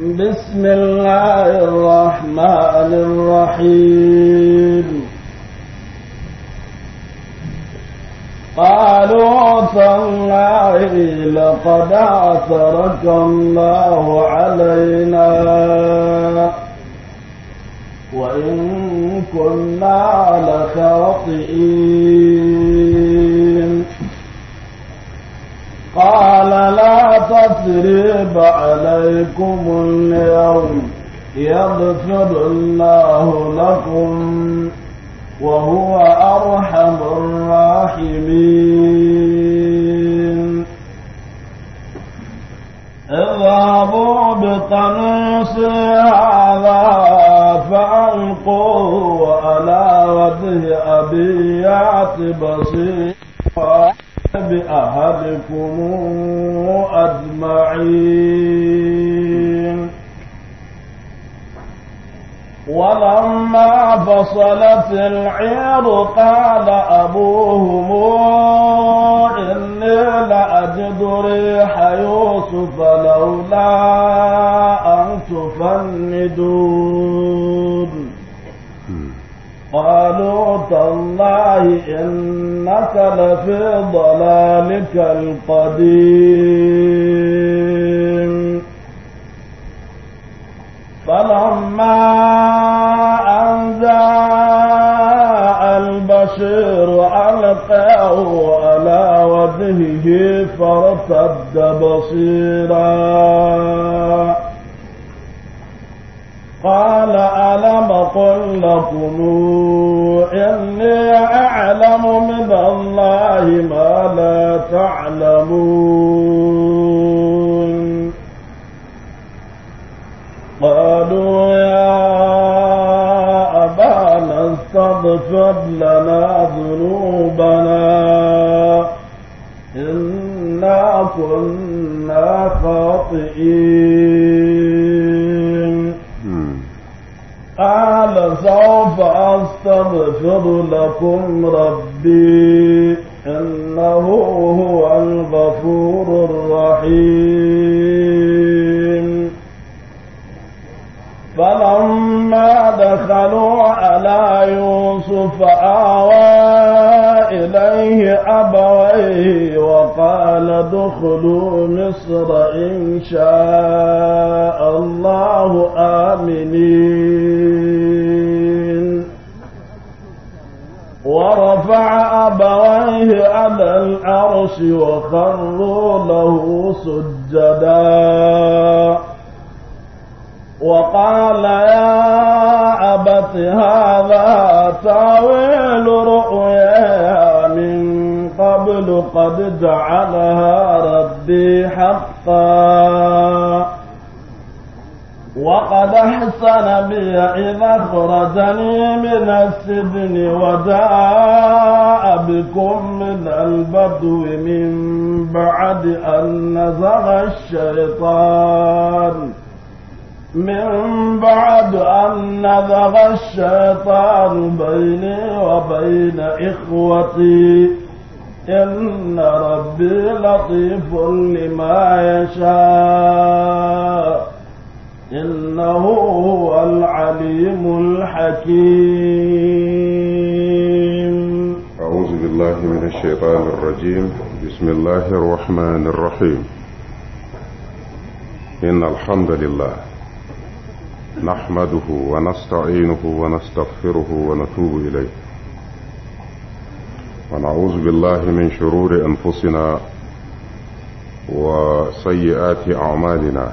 بسم الله الرحمن الرحيم قالوا تالله لقد أثرك الله علينا وإن كنا لخاطئين قال لا تثريب عليكم اليوم يغفر الله لكم وهو أرحم الراحمين اذهبوا بقميص هذا فألقوه على وجه أبي يعطي بصيرا بأهلكم أجمعين ولما فصلت العير قال أبوهم إني لأجد ريح يوسف لولا أن تفندون قالوا تالله إنك لفي ضلالك القديم فلما أن جاء البشير ألقاه على وجهه فارتد بصيراً قال ألم قل لكم إني أعلم من الله ما لا تعلمون قالوا يا أبانا استغفر لنا ذنوبنا إنا كنا خاطئين فسوف أستغفر لكم ربي إنه هو الغفور الرحيم فلما دخلوا على يوسف آوى إليه أبويه وقال ادخلوا مصر إن شاء الله آمنين رفع أبويه على العرش وخروا له سجدا وقال يا أبت هذا تاويل رؤيا من قبل قد جعلها ربي حقا وقد احسن بي اذا اخرجني من السجن وجاء بكم من البدو من بعد ان نزغ الشيطان من بعد أن نزغ الشيطان بيني وبين إخوتي إن ربي لطيف لما يشاء إنه هو العليم الحكيم أعوذ بالله من الشيطان الرجيم بسم الله الرحمن الرحيم إن الحمد لله نحمده ونستعينه ونستغفره ونتوب إليه ونعوذ بالله من شرور أنفسنا وسيئات أعمالنا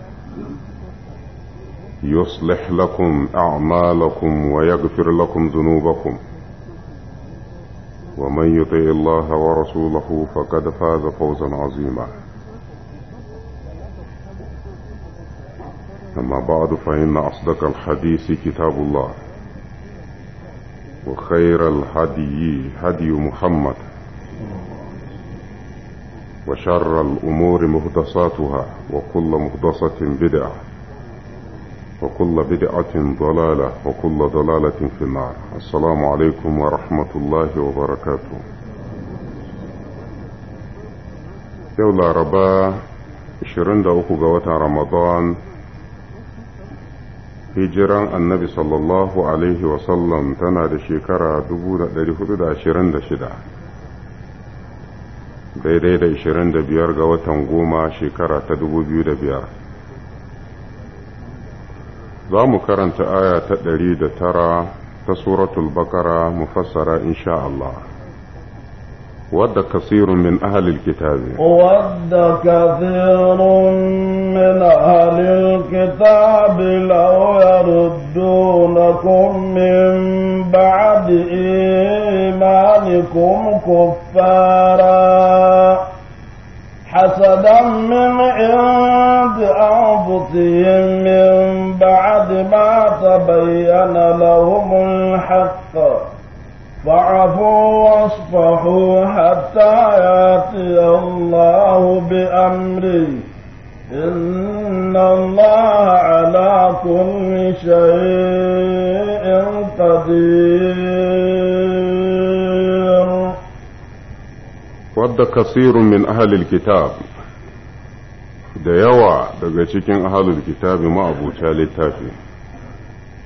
يصلح لكم أعمالكم ويغفر لكم ذنوبكم ومن يطع الله ورسوله فقد فاز فوزا عظيما أما بعد فإن أصدق الحديث كتاب الله وخير الهدي هدي محمد وشر الأمور مهدساتها وكل مهدسة بدعة وكل بدعة ضلالة وكل ضلالة في النار السلام عليكم ورحمة الله وبركاته يولا ربا 23 ga watan Ramadan hijiran annabi sallallahu alaihi wasallam tana da shekara 426 daidai da biyar ga watan goma shekara ta biyar. za mu karanta aya ta ɗari da tara ta suratul bakara mufassara insha Allah ود كثير من أهل الكتاب ود كثير من أهل الكتاب لو يردونكم من بعد إيمانكم كفارا حسدا من عند أنفسهم من بعد بما تبين لهم الحق فاعفوا واصفحوا حتى ياتي الله بأمره إن الله على كل شيء قدير ود كثير من أهل الكتاب da yawa daga cikin ahalul kitabi ma'abuta littafi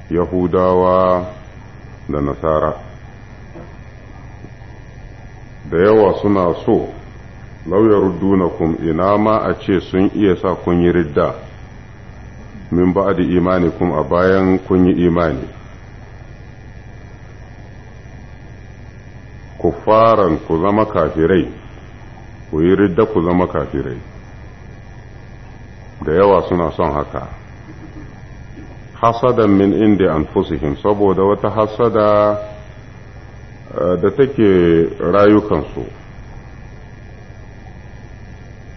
yahudawa da nasara da yawa suna so lauyar kum ina ma a ce sun iya sa kun yi ridda min ba da imani kun, a bayan kun yi imani Ku faran ku zama kafirai ku yi ridda ku zama kafirai da yawa suna son haka hasadan min indi anfusihim saboda wata hasada eh, da take rayukansu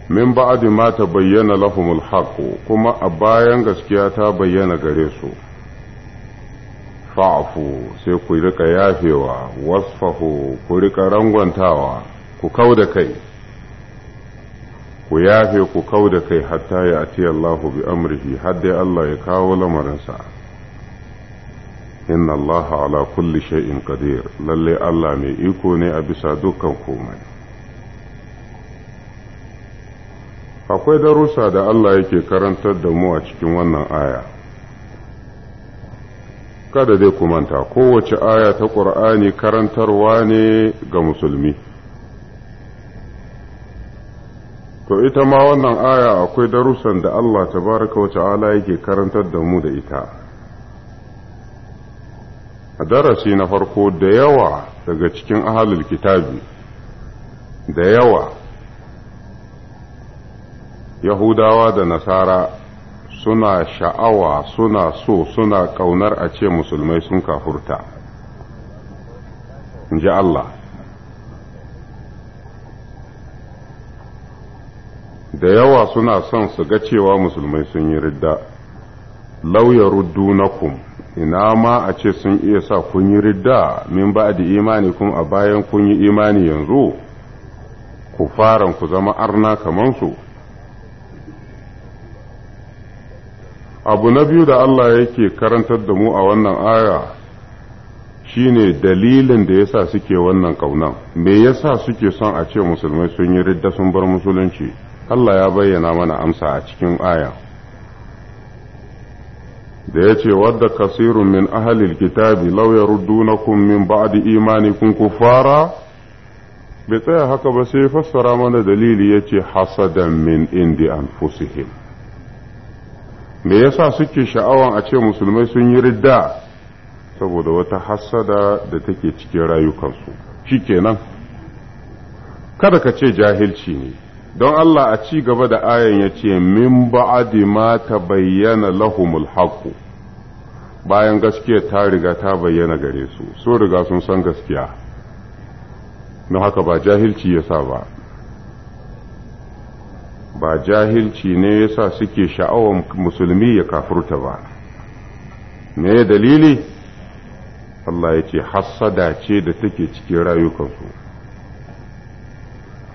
min ba'di ma bayyana lahumul haqq kuma a bayan gaskiya ta bayyana gare su fa'fu sai ku rika yafewa wasfahu ku rika rangwantawa ku kauda kai ku yafe ku kau da kai hatta ya ati Allahu bi amrihi har dai Allah ya kawo lamarinsa inna Allah ala kulli shay'in qadir lalle Allah mai iko ne a bisa dukkan komai akwai darussa da Allah yake karantar da mu a cikin wannan aya kada dai ku manta kowace aya ta ƙur'ani karantarwa ne ga musulmi to ita ma wannan aya akwai darussan da Allah ta baraka wa ta'ala yake karantar da mu da ita a darasi na farko da yawa daga cikin ahalul kitabi da yawa yahudawa da nasara suna sha'awa suna so suna ƙaunar a ce musulmai sun kafurta in ji Allah da yawa suna son su ga cewa musulmai sun yi ridda lauya ruddunakum ina ma a ce sun iya sa kun yi ridda min ba da imani kun a bayan kun yi imani yanzu ku faran ku zama arna su abu na biyu da Allah yake karantar da mu a wannan aya shine dalilin da yasa suke wannan kaunan me yasa suke son a ce musulmai sun yi ridda sun bar musulunci Allah ya bayyana mana amsa a cikin aya da ya ce wadda kasirun min ahalil kitabi lauya na kun min kun ku fara. bai tsaya haka ba sai fassara mana dalili ya ce hasadan min indi anfusihim me yasa suke sha'awan a ce musulmai sun yi ridda saboda wata hasada da take cikin rayukansu shi shikenan kada ka ce jahilci ne don Allah a ci gaba da ayan ya ce min ba'adi ma ta bayyana lahumul haqqu bayan gaskiya ta riga ta bayyana gare su so riga sun san gaskiya Na haka ba jahilci yasa ba ba jahilci ne yasa suke sha'awar musulmi ya kafurta ba me dalili Allah ya ce hassada ce da take cikin rayukansu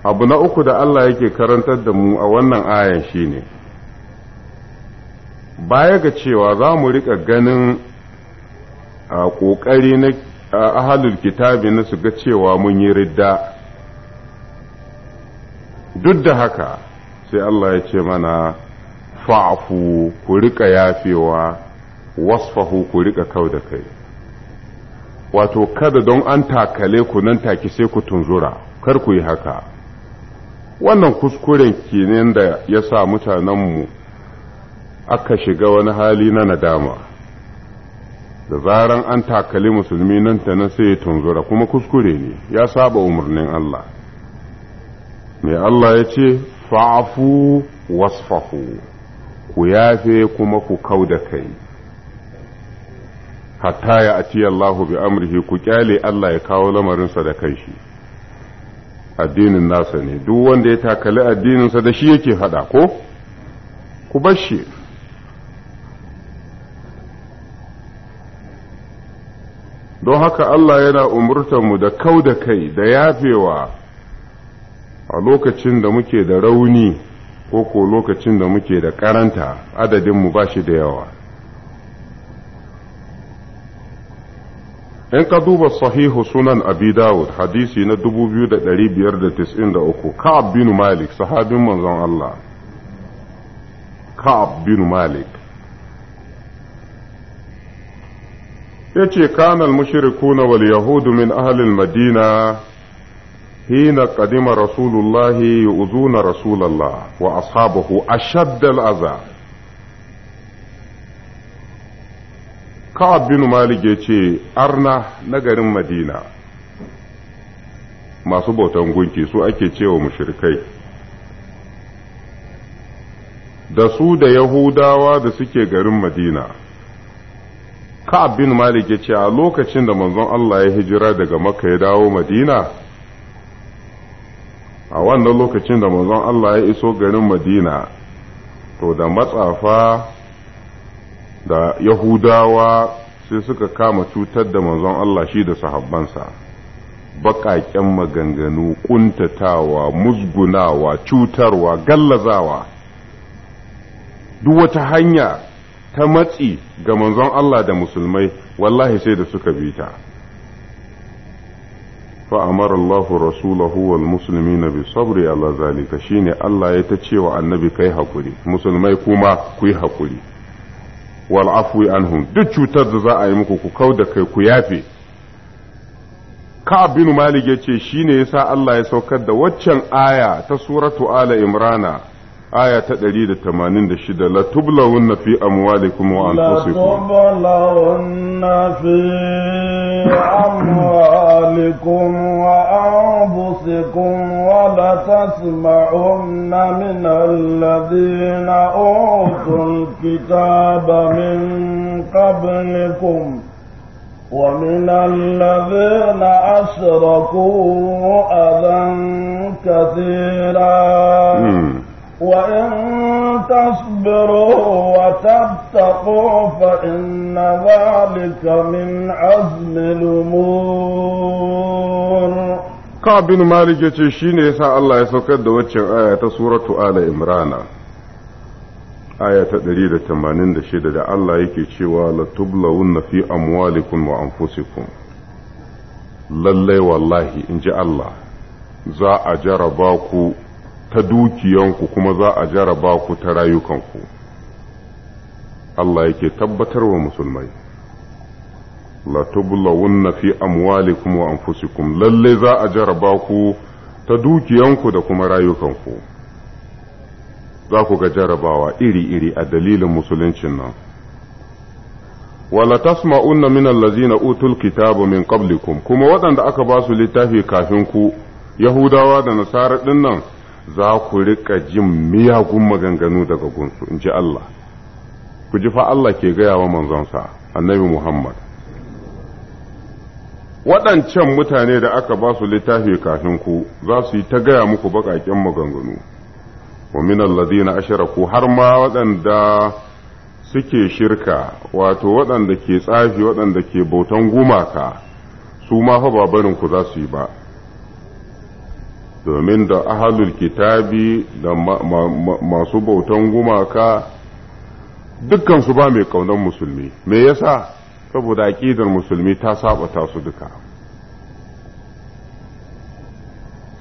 abu na uku da Allah yake karantar da mu a wannan ayan shine baya ga cewa za mu rika ganin a ƙoƙari na ahalul kitabi na su ga cewa mun yi ridda duk da haka sai Allah ya ce mana fa'afu ku riƙa yafewa wasfahu ku rika kau da kai wato kada don an takale ku nan take sai ku tunzura kar ku yi haka wannan kuskuren kenan da ya sa mutanenmu aka shiga wani hali na nadama da zaran an takali musulmi nan ta na sai ya tunzura kuma kuskure ne ya saba umarnin Allah mai Allah ya ce fa'afu wasfahu ku yafe kuma ku kau da kai hatta ya ati Allahu bi amrihi ku kyale Allah ya kawo lamarinsa da kai shi addinin nasa ne duk wanda ya takali addininsa da shi yake hada ko ku bar shi don haka Allah yana mu da kau da kai da yafewa a lokacin da muke da rauni ko ko lokacin da muke da karanta adadinmu ba shi da yawa in ka duba sahihu sunan abi dawud hadisi na 2593 ka'ab bin malik sahabin manzon Allah ka'ab bin malik yace kana al-mushrikuna wal yahudu min ahli al-madina حين قدم رسول الله يؤذون رسول الله وأصحابه أشد الأذى Ka’ab bin malik ya ce arna na garin madina masu bautan gunki su ake cewa mushrikai da su da yahudawa da suke garin madina ka'ab bin malik ya ce a lokacin da manzon Allah ya hijira daga makka ya dawo madina a wannan lokacin da manzon Allah ya iso garin madina to da matsafa da yahudawa sai suka kama cutar da manzon Allah shi da sahabbansa baƙaƙen maganganu ƙuntatawa musgunawa cutarwa gallazawa duk wata hanya ta matsi ga manzon Allah da musulmai wallahi sai da suka bi ta فأمر الله رسوله والمسلمين بالصبر على ذلك Allah ya ta cewa kai kai musulmai musulmai kuma كي hakuri. wal afwi anhum duk cutar da za a yi muku ku kau da kai ku yafe Ka'ab bin Malik yace shine yasa Allah ya saukar da waccan aya ta suratu Ala Imrana aya ta 186 la tublawunna fi amwalikum wa anfusikum la tublawunna fi amwalikum wa anfusikum wa la tasma'unna min alladhina utul kitaba min ومن الذين أشركوا أذى كثيرا وإن تصبروا وتتقوا فإن ذلك من عزم الأمور Ka'ab bin Malik ya ce shi ne ya sa Allah ya saukar da waccan aya ta suratu Ala Imrana, aya ta 186 da Allah yake cewa latublawunna fi amwalikum wa anfusikum lallai wallahi in ji Allah za a jaraba ku ta dukiyanku kuma za a jaraba ku ta rayukanku Allah yake tabbatar wa musulmai la tublawunna fi amwalikum wa anfusikum lalle za a jaraba ku ta dukiyanku da kuma rayukanku za ku ga jarabawa iri-iri a dalilin musuluncin nan wala tasma'unna min allazina utul kitabu min qablikum kuma waɗanda aka ba su littafi kafin ku yahudawa da nasara ɗin nan za ku riƙa jin miyagun maganganu daga gunsu in ji Allah ku ji fa Allah ke gaya wa manzonsa annabi Muhammad waɗancan mutane da aka ba su littafi kafin ku za su yi ta gaya muku baƙaƙen maganganu wa min alladhina asharaku har ma waɗanda suke shirka wato waɗanda ke tsafi waɗanda ke bautan gumaka su ma fa ba ku za su yi ba domin da ahalul kitabi da masu bautan gumaka dukkansu ba mai kaunar musulmi me yasa saboda aƙidar musulmi ta saba ta su duka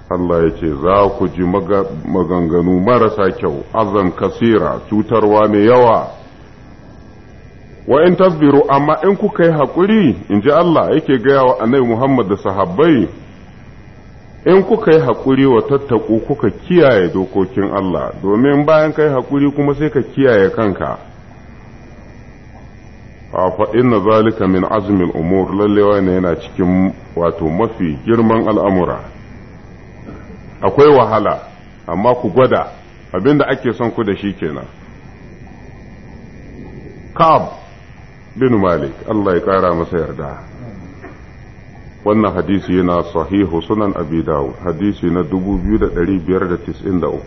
Allah ya ce za ku ji maganganu marasa kyau azan kasira cutarwa mai yawa wa in tasbiru amma in kuka yi haƙuri in ji Allah yake gaya wa annabi Muhammad da sahabbai in kuka yi haƙuri wa tattaku kuka kiyaye dokokin Allah domin bayan kai haƙuri kuma sai ka kiyaye kanka a faɗin na zalika min azumin umur lallewa ne yana cikin wato mafi girman al'amura akwai wahala amma ku gwada abinda ake son ku da shi kenan ka'ab bin malik Allah ya ƙara masa yarda wannan hadisi yana sahihu sunan abi dawud hadisi na 2593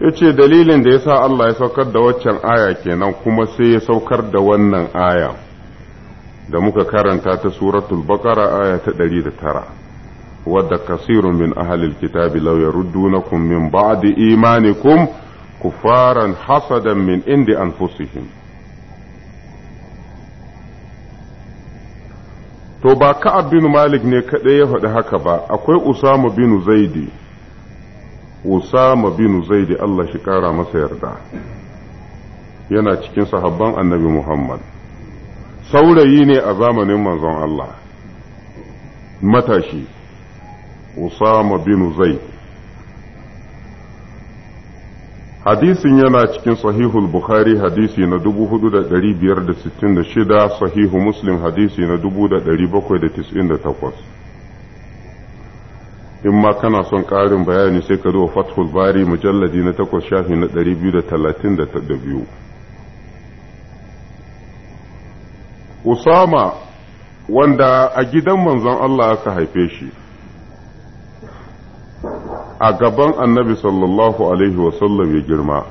yace dalilin da yasa Allah ya saukar da waccan aya kenan kuma sai ya saukar da wannan aya da muka karanta ta suratul baqara aya ta 109 ود كثير من أهل الكتاب لو يردونكم من بعد إيمانكم kufaran hasadan min indi أنفسهم to ba ka bin malik ne kaɗai ya faɗi haka ba akwai usama bin zaidi usama bin zaidi Allah shi kara masa yarda yana cikin sahabban annabi muhammad saurayi ne a zamanin manzon Allah matashi usama bin zaidi hadisin yana cikin sahihul bukhari hadisi na 4566 sahihu muslim hadisi na 1798 in ma kana son ƙarin bayani sai ka zo fathul bari mujalladi na 8 shafi na 232 usama wanda a gidan manzon Allah aka haife shi a gaban annabi sallallahu alaihi wasallam ya girma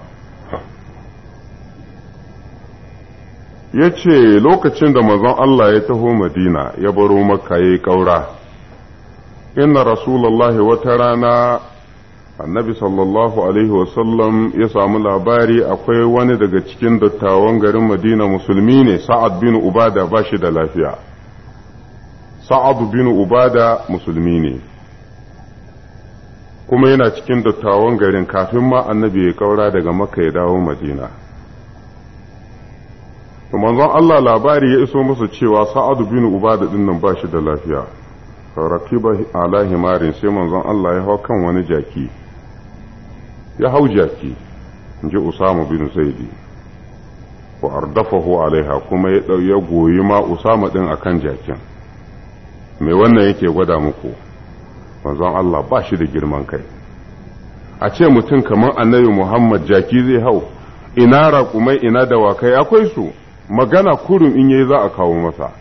ya ce lokacin da manzon Allah ya taho madina ya baro maka ya yi ƙaura inna rasulallahi wata rana annabi sallallahu alaihi wasallam ya samu labari akwai wani daga cikin dattawan garin madina musulmi ne sa'ad bin ubada ba shi da lafiya sa'ad bin ubada musulmi ne kuma yana cikin dattawan garin kafin ma annabi ya kaura daga maka ya dawo madina manzon Allah labari ya iso musu cewa sa'adu bin ubada din nan bashi da lafiya rakiba ala himarin sai manzon Allah ya hau kan wani jaki ya hau jaki inji usama bin zaidi wa ardafahu alaiha kuma ya goyi ma usama din akan jakin me wannan yake gwada muku manzon Allah ba shi da girman kai a ce mutum kamar annabi Muhammad jaki zai hau ina raƙumai ina dawakai akwai su magana kurum in yayi za a kawo masa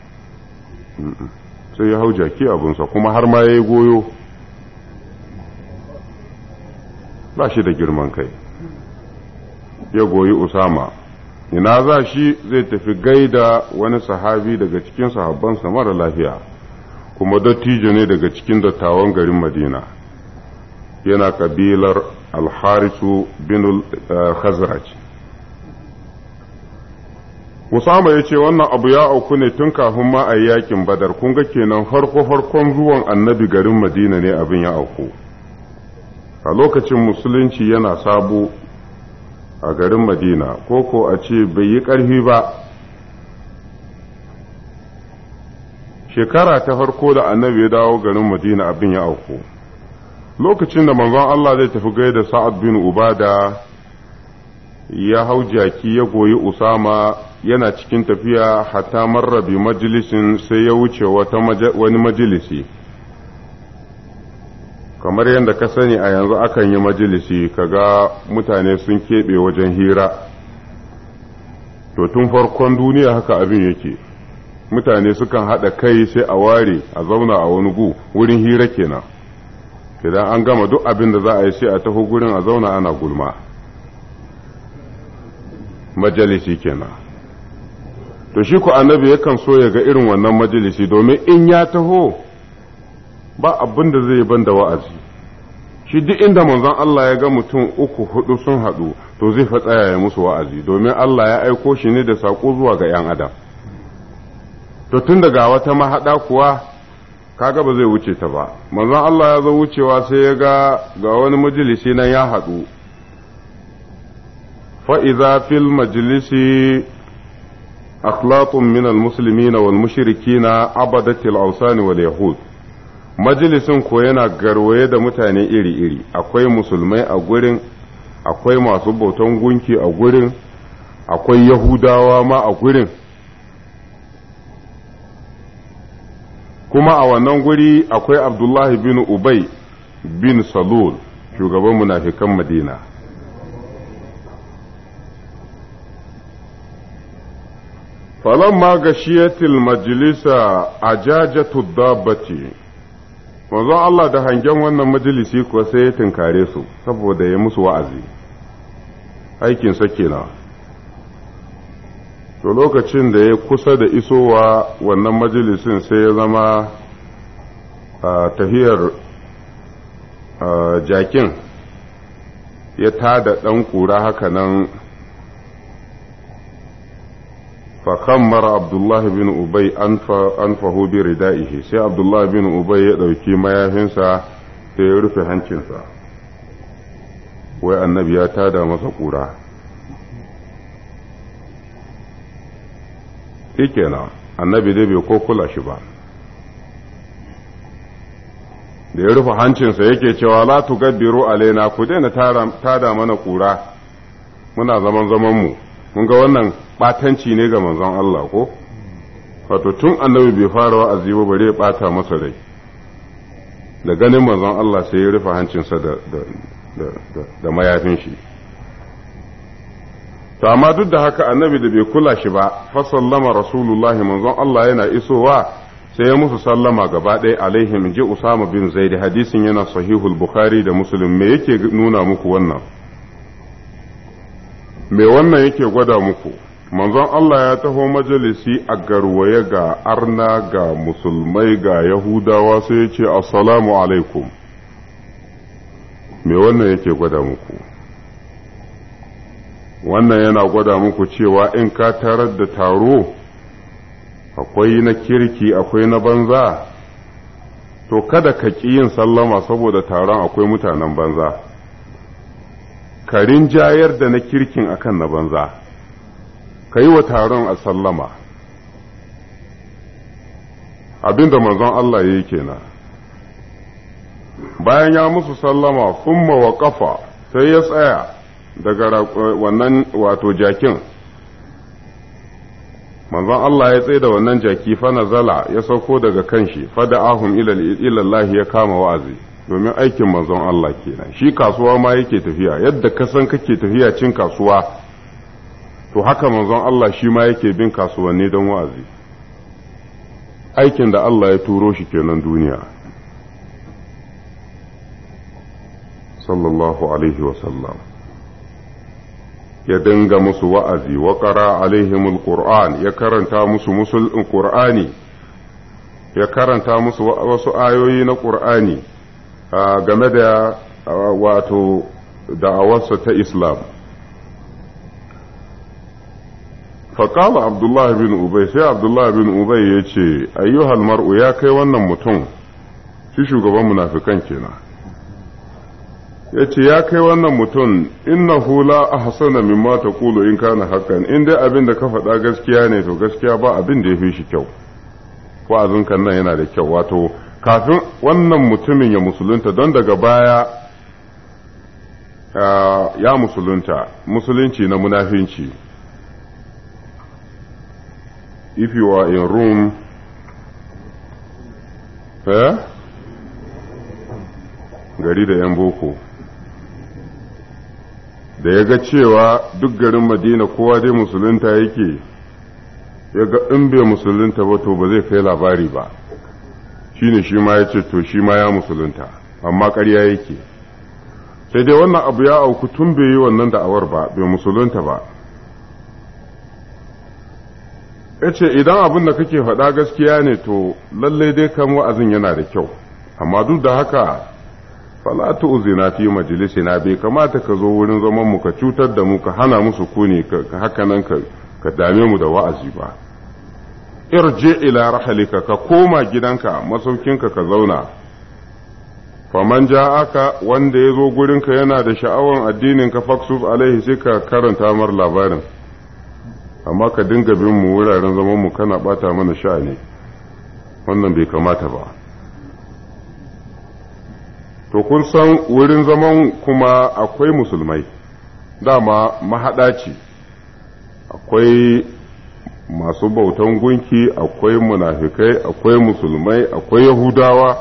sai ya hau jaki sa kuma har ma ya yi goyo ba shi da girman kai ya goyi usama ina za shi zai tafi gaida wani sahabi daga cikin sahabbansa mara lafiya kuma dattijo ne daga cikin dattawan garin madina yana kabilar alharisu binul eh, khazraj Usama ya ce wannan abu ya auku ne tun kafin ma a yakin badar kun ga kenan farko-farkon zuwan annabi garin madina ne abin ya auku a lokacin musulunci yana sabo a garin madina ko ko a ce bai yi ƙarfi ba shekara ta farko da annabi ya dawo garin madina abin ya auku lokacin da manzon Allah zai tafi gaida sa'ad bin ubada ya hau jaki ya goyi usama yana cikin tafiya hatta marrabi majalisin sai ya wuce wani majalisi kamar yadda ka sani a yanzu akan yi majalisi kaga mutane sun keɓe wajen hira to tun farkon duniya haka abin yake mutane sukan haɗa kai sai a ware a zauna a wani gu wurin hira kenan idan an gama duk abin da za a yi sai a taho gurin a zauna ana gulma majalisi kenan to shi ku annabi yakan so ya ga irin wannan majalisi domin in ya taho ba abin da zai ban da wa'azi shi duk inda manzon Allah ya ga mutum uku hudu sun haɗu to zai fa tsaya ya musu wa'azi domin Allah ya aiko shi ne da saƙo zuwa ga 'yan adam to tun daga wata mahaɗa kuwa kaga ba zai wuce ta ba manzon Allah ya zo wucewa sai ya ga ga wani majalisi nan ya haɗu fa'iza fil majalisi akhlaqun min na wal mushrikina abadat al-awsan wal yahud majalisin ko yana garwaye da mutane iri-iri akwai musulmai a gurin akwai masu bautan gunki a gurin akwai yahudawa ma a gurin kuma a wannan guri akwai abdullahi bin ubay bin salul shugaban munafikan madina ga gashiyatil majalisa a ajajatu dabbaci manzon Allah da hangen wannan majalisi kuwa sai ya tinkare su saboda ya musu wa'azi aikin sa kenan to lokacin da ya kusa da isowa wannan majalisin sai ya zama a tahiyar jakin ya tada ɗan ƙura haka nan fakan mara abdullahi bin ubai an faho bi sai abdullahi bin ubai ya ɗauki mayafinsa sai ya rufe hancinsa wai annabi ya tada masa ƙura na annabi dai bai ko kula shi ba da ya rufe hancinsa yake cewa la tugabbiru alaina ku daina tada mana kura muna zaman zaman mu mun ga wannan batanci ne ga manzon Allah ko wato tun annabi bai fara wa'azi ba bare ya bata masa rai da ganin manzon Allah sai ya rufe hancinsa da mayafin shi to amma duk da haka annabi da bai kula shi ba fa sallama rasulullahi manzon Allah yana isowa sai ya musu sallama gaba ɗaya alaihim ji usama bin zaid hadisin yana sahihul bukhari da muslim me yake nuna muku wannan me wannan yake gwada muku manzon Allah ya taho majalisi a garwaye ga arna ga musulmai ga yahudawa sai ya ce assalamu alaikum me wannan yake gwada muku wannan yana gwada muku cewa in ka tarar da taro akwai na kirki akwai na banza to kada ka ƙi yin sallama saboda taron akwai mutanen banza ka rinjayar da na kirkin akan na banza ka yi wa taron a sallama abinda manzon Allah ya yi kenan bayan ya musu sallama summa wa ƙafa sai ya tsaya daga wannan wato jakin manzon Allah ya tsaye da wannan jaki fa nazala ya sauko daga kanshi fada'ahum ila ilallahi ya kama wa'azi domin aikin manzon Allah kenan shi kasuwa ma yake tafiya yadda ka san kake tafiya cin kasuwa to haka manzon Allah shi ma yake bin kasuwanni don wa'azi aikin da Allah ya turo shi kenan duniya sallallahu alaihi wa sallam ya dinga musu wa'azi wa qara alaihimul qur'an ya karanta musu musul qur'ani ya karanta musu wasu ayoyi na qur'ani game da wato da'awarsa ta islam فقال عبد bin ubai sai سي bin ubai ya ce ayyuhal mar'u ya kai wannan mutum shi shugaban munafikan kenan ya ce ya kai wannan mutum inna hula a hasana min ma ta kulu in kana hakan in dai abin da ka faɗa gaskiya ne to gaskiya ba abin da ya fi shi kyau wa'azin kan nan yana da kyau wato kafin wannan mutumin ya musulunta don daga baya ya musulunta musulunci na munafinci if you are in room eh? gari da 'yan boko da ya ga cewa duk garin madina kowa dai musulunta yake ya ga in bai musulunta ba to ba zai kai labari ba shine shi ma ya ce to shi ma ya musulunta amma ƙarya yake sai dai wannan abu ya auku tun bai yi wannan da'awar ba bai musulunta ba ya ce idan abin da kake faɗa gaskiya ne to lallai dai kan wa'azin yana da kyau amma duk da haka fala tu'zina fi majlisina bai kamata ka zo wurin zaman mu ka cutar da mu ka hana musu sukuni ka haka nan ka ka dame mu da wa'azi ba irji ila rahalika ka koma gidanka masaukinka ka zauna man aka wanda ya zo ka yana da sha'awan addinin ka faksuf alaihi sai ka karanta mar labarin amma ka dinga bin mu wuraren zaman mu kana bata mana sha'ani wannan bai kamata ba to kun san wurin zaman kuma akwai musulmai dama mahaɗa ce akwai masu bautan gunki akwai munafikai akwai musulmai akwai yahudawa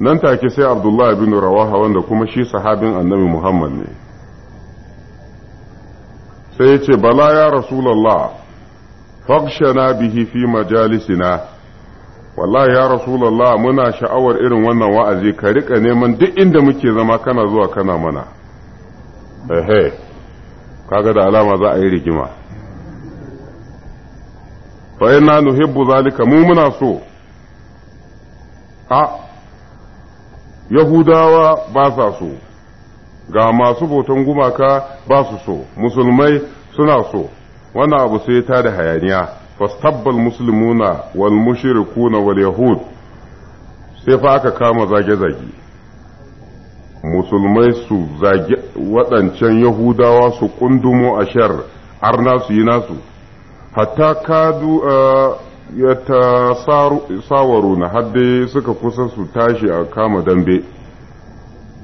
nan take sai abdullah bin rawaha wanda kuma shi sahabin annabi muhammad ne sai ya ce bala ya rasulallah fakshana bihi fi majalisina wallahi ya rasulullah muna sha'awar irin wannan wa'azi ka rika neman duk inda muke zama kana zuwa kana mana ehe kaga da alama za a yi rigima fa inna nuhibbu zalika mu muna so a yahudawa ba sa so ga masu boton gumaka ba su so musulmai suna so wannan abu sai ta da hayaniya fastabba almuslimuna wal na wal sai fa aka kama zage-zage musulmai su zage waɗancan yahudawa su kundumo a shar arna su yi nasu hatta kadu eh, ya ta sawaru na hadde suka kusa su tashi a kama dambe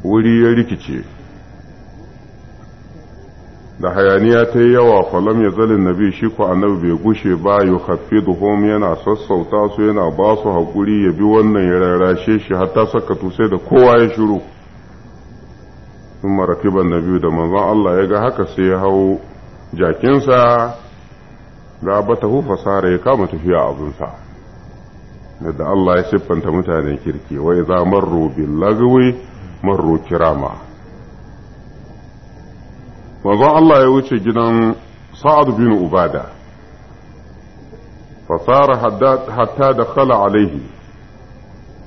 wuri ya rikice da hayaniya ta yi yawa falam ya zalin nabi shi ko annabi bai gushe ba ya da duhum yana sassauta su yana ba su haƙuri ya bi wannan ya rarrashe shi hatta saka sai da kowa ya shiru sun marakiban nabi da manzon Allah ya ga haka sai ya hau jakinsa da bata hufa sare ya kama tafiya abinsa da Allah ya siffanta mutane kirki wai za marro bil lagwi marro kirama manzon Allah ya wuce gidan sa'ad bin ubada fasara hatta da kala alaihi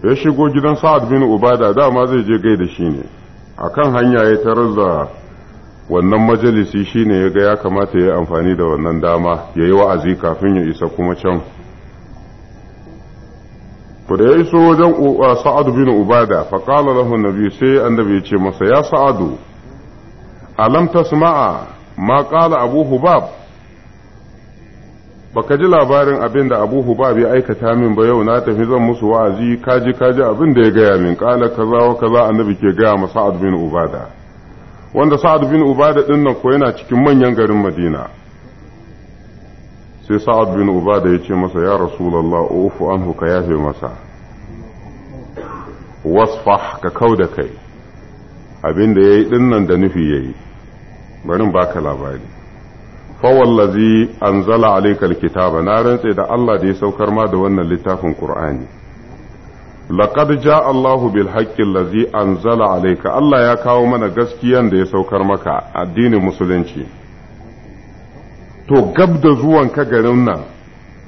ya shigo gidan sa'ad bin ubada dama zai je gaida shi ne a kan hanya ya tarar da wannan majalisi shi ne ya ga ya kamata ya yi amfani da wannan dama ya yi wa'azi kafin ya isa kuma can ku da ya iso wajen uh, sa'ad bin ubada faƙala lahun nabi sai annabi ya ce masa ya sa'adu alam tasma'a ma qala abu hubab baka ji labarin abin da abu hubab ya aikata min ba yau na tafi zan musu wa'azi kaji kaji abin da ya gaya min kala kaza wa kaza annabi ke gaya ma sa'ad bin ubada wanda sa'ad bin ubada din nan ko yana cikin manyan garin madina sai sa'ad bin ubada ya ce masa ya rasulullah ufu anhu ka yafe masa wasfah ka kau da kai abin da ya yi da nufi ya yi barin baka labari fawallazi anzala alaikal kitaba na rantse da Allah da ya saukar ma da wannan littafin Qur'ani laqad jaa Allahu bil haqqi allazi anzala alayka Allah ya kawo mana gaskiyan da ya saukar maka addinin musulunci to gab da zuwan ka garin nan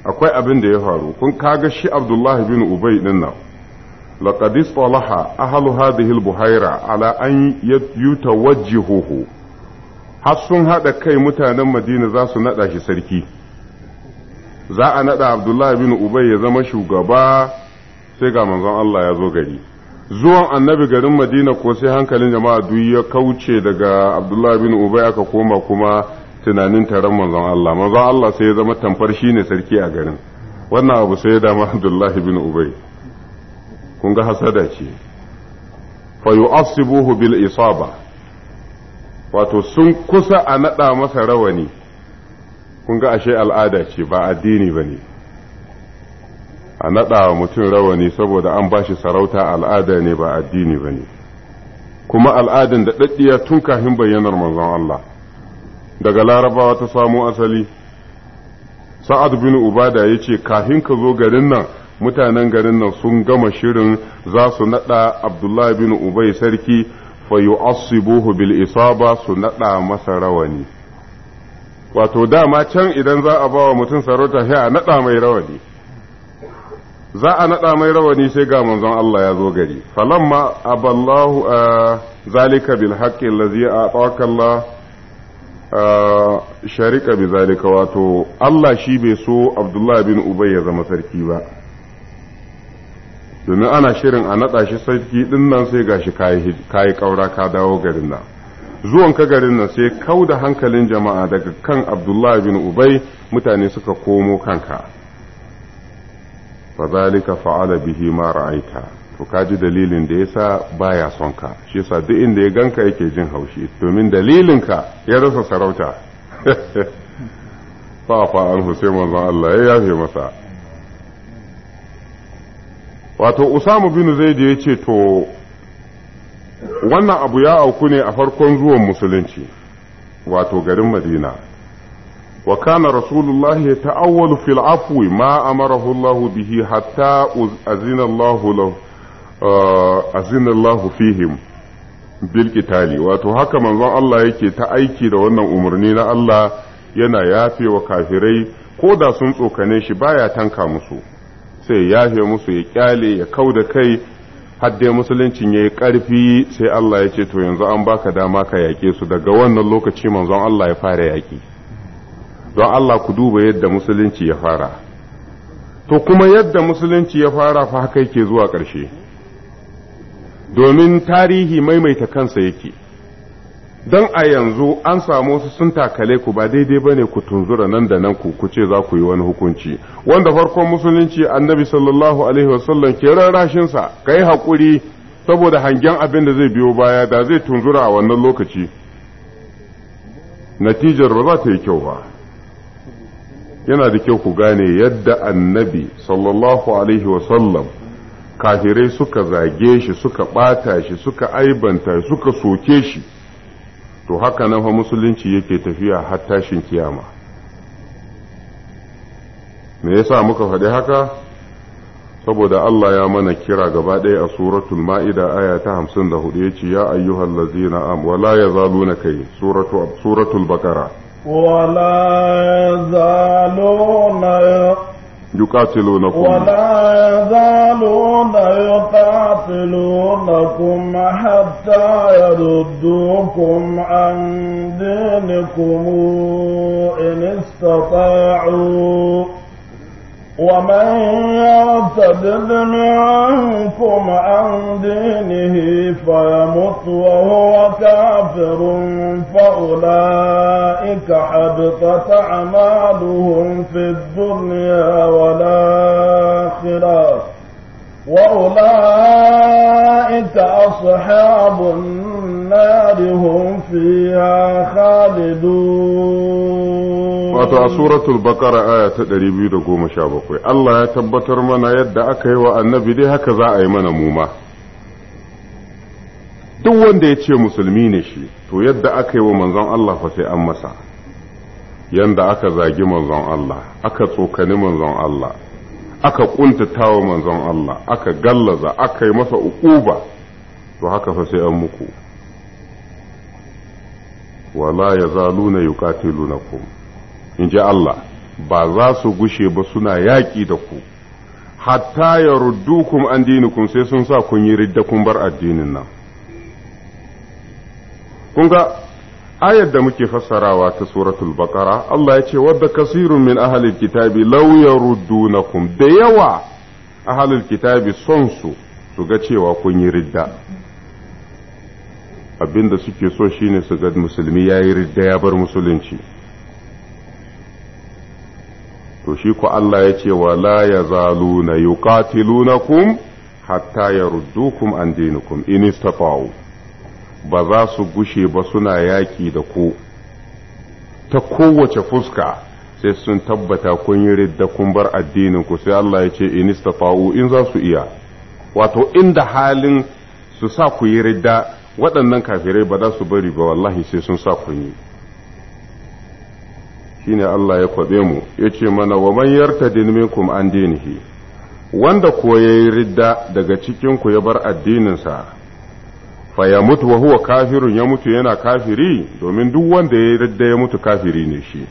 akwai abin da ya faru kun kaga shi Abdullahi bin Ubay din nan laqad istalaha ahlu hadhihi al-buhaira ala an yutawajjihuhu har sun haɗa kai mutanen madina za su naɗa shi sarki za a naɗa abdullahi bin ubay ya zama shugaba sai ga manzon Allah ya zo gari zuwan annabi garin madina ko sai hankalin jama'a duk ya kauce daga abdullahi bin ubay aka koma kuma tunanin taron manzon Allah manzon Allah sai ya zama tamfar shine sarki a garin wannan abu sai ya dama abdullahi bin ubay kun ga hasada ce fa yu'assibuhu bil isaba wato sun kusa a naɗa masa rawani kun ga ashe al'ada ce ba addini ba ne a naɗa wa mutum rawani saboda an ba shi sarauta al'ada ne ba addini ba ne kuma al'adin da daddiya tun kafin bayyanar manzon Allah daga larabawa ta samo asali sa'ad bin ubada ya ce kafin ka zo garin nan mutanen garin nan sun gama shirin za su naɗa abdullahi bin ubai sarki fa yu'assibuhu bil ba su naɗa masa rawani wato dama can idan za a bawa mutum sarauta sai a nada mai rawani za a nada mai rawani sai ga manzon Allah ya zo gari falamma aballahu zalika bil haqqi allazi a'taka Allah sharika bi zalika wato Allah shi bai so Abdullah bin Ubay ya zama sarki ba domin ana shirin a naɗa shi sarki ɗin nan sai shi kayi ƙaura ka dawo garin nan zuwan ka garin nan sai kau da hankalin jama'a daga kan abdullahi bin ubai mutane suka komo kanka fazalika fa'ala bihi ma ra'aita to ji dalilin da yasa baya son ka shi yasa duk inda ya ganka yake jin haushi domin dalilin ka ya rasa sarauta fa fa an manzon Allah ya yafe masa wato usamu bin da ya ce to wannan abu ya auku ne a farkon zuwan musulunci wato garin madina wa kana rasulullahi ta'awwalu fil afwi ma amarahu Allah bihi hatta azina Allah uh, azina Allah fihim bil qitali wato haka manzon Allah yake ta aiki da wannan umarni na Allah yana yafe wa kafirai ko da sun tsokane shi baya tanka musu sai ya yafe musu ya kyale ya kau da kai haddai musuluncin ya yi ƙarfi sai Allah ya ce to yanzu an baka dama ka yaƙe su daga wannan lokaci manzon Allah ya fara yaƙi don Allah ku duba yadda musulunci ya fara to kuma yadda musulunci ya fara fa haka yake zuwa ƙarshe domin tarihi maimaita kansa yake don a yanzu an samu su sun takale ku ba daidai ba ne ku tunzura nan da nan ku ku ce za ku yi wani hukunci wanda farkon musulunci annabi sallallahu alaihi wasallam ke rarrashinsa ka yi haƙuri saboda hangen abin da zai biyo baya da zai tunzura a wannan lokaci natijar ba za ta yi kyau ba yana da kyau ku gane yadda annabi sallallahu alaihi wasallam kafirai suka zage shi suka ɓata shi suka aibanta shi suka soke shi to haka nan fa musulunci yake tafiya har tashin kiyama me yasa muka faɗi haka saboda Allah ya mana kira gaba ɗaya a suratul ma'ida aya ta hamsin da hudu ya ce ya ayyuhal lazina am wala ya zalu na kai suratul bakara wala ya zalu na يقاتلونكم ولا يزالون يقاتلونكم حتى يردوكم عن دينكم إن استطاعوا ومن يرتد منكم عن دينه فيمت وهو كافر فأولئك حبطت أعمالهم في الدنيا والآخرة وأولئك أصحاب النار هم فيها خالدون wato a suratul bakara aya ta 217 Allah ya tabbatar mana yadda aka yi wa annabi dai haka za a yi mana muma duk wanda ya ce musulmi ne shi to yadda aka yi wa manzon Allah fa sai an masa yanda aka zagi manzon Allah aka tsokani manzon Allah aka kuntatawa manzon Allah aka gallaza aka yi masa ukuba to haka fa sai an muku wala yazaluna yuqatilunakum in ji Allah ba za su gushe ba suna yaƙi da ku hatta ya ruddukum an dinikum sai sun sa kun yi ridda kun bar addinin nan kun ga ayar da muke fassarawa ta suratul baqara Allah ya ce wadda kasirun min ahlil kitabi law yaruddunakum da yawa ahlil kitabi son su su ga cewa kun yi ridda abinda suke so shine su ga musulmi yayi ridda ya bar musulunci to shi ku Allah ya ce wala ya zalu na na kum hatta yaruddukum an dinikum in ba za su gushe ba suna yaki da ku ta kowace fuska sai sun tabbata kun yi ridda kun bar addinin ku sai Allah ya ce in in za su iya wato inda halin su sa ku yi ridda waɗannan kafirai ba za su bari ba wallahi sai sun sa kun yi shine Allah ya kwabe mu yace mana wa man yartadin minkum an dinihi wanda ko yayi ridda daga cikin ku ya bar addinin sa fa ya mutu wa huwa kafirun ya mutu yana kafiri domin duk wanda yayi ridda ya mutu kafiri ne shi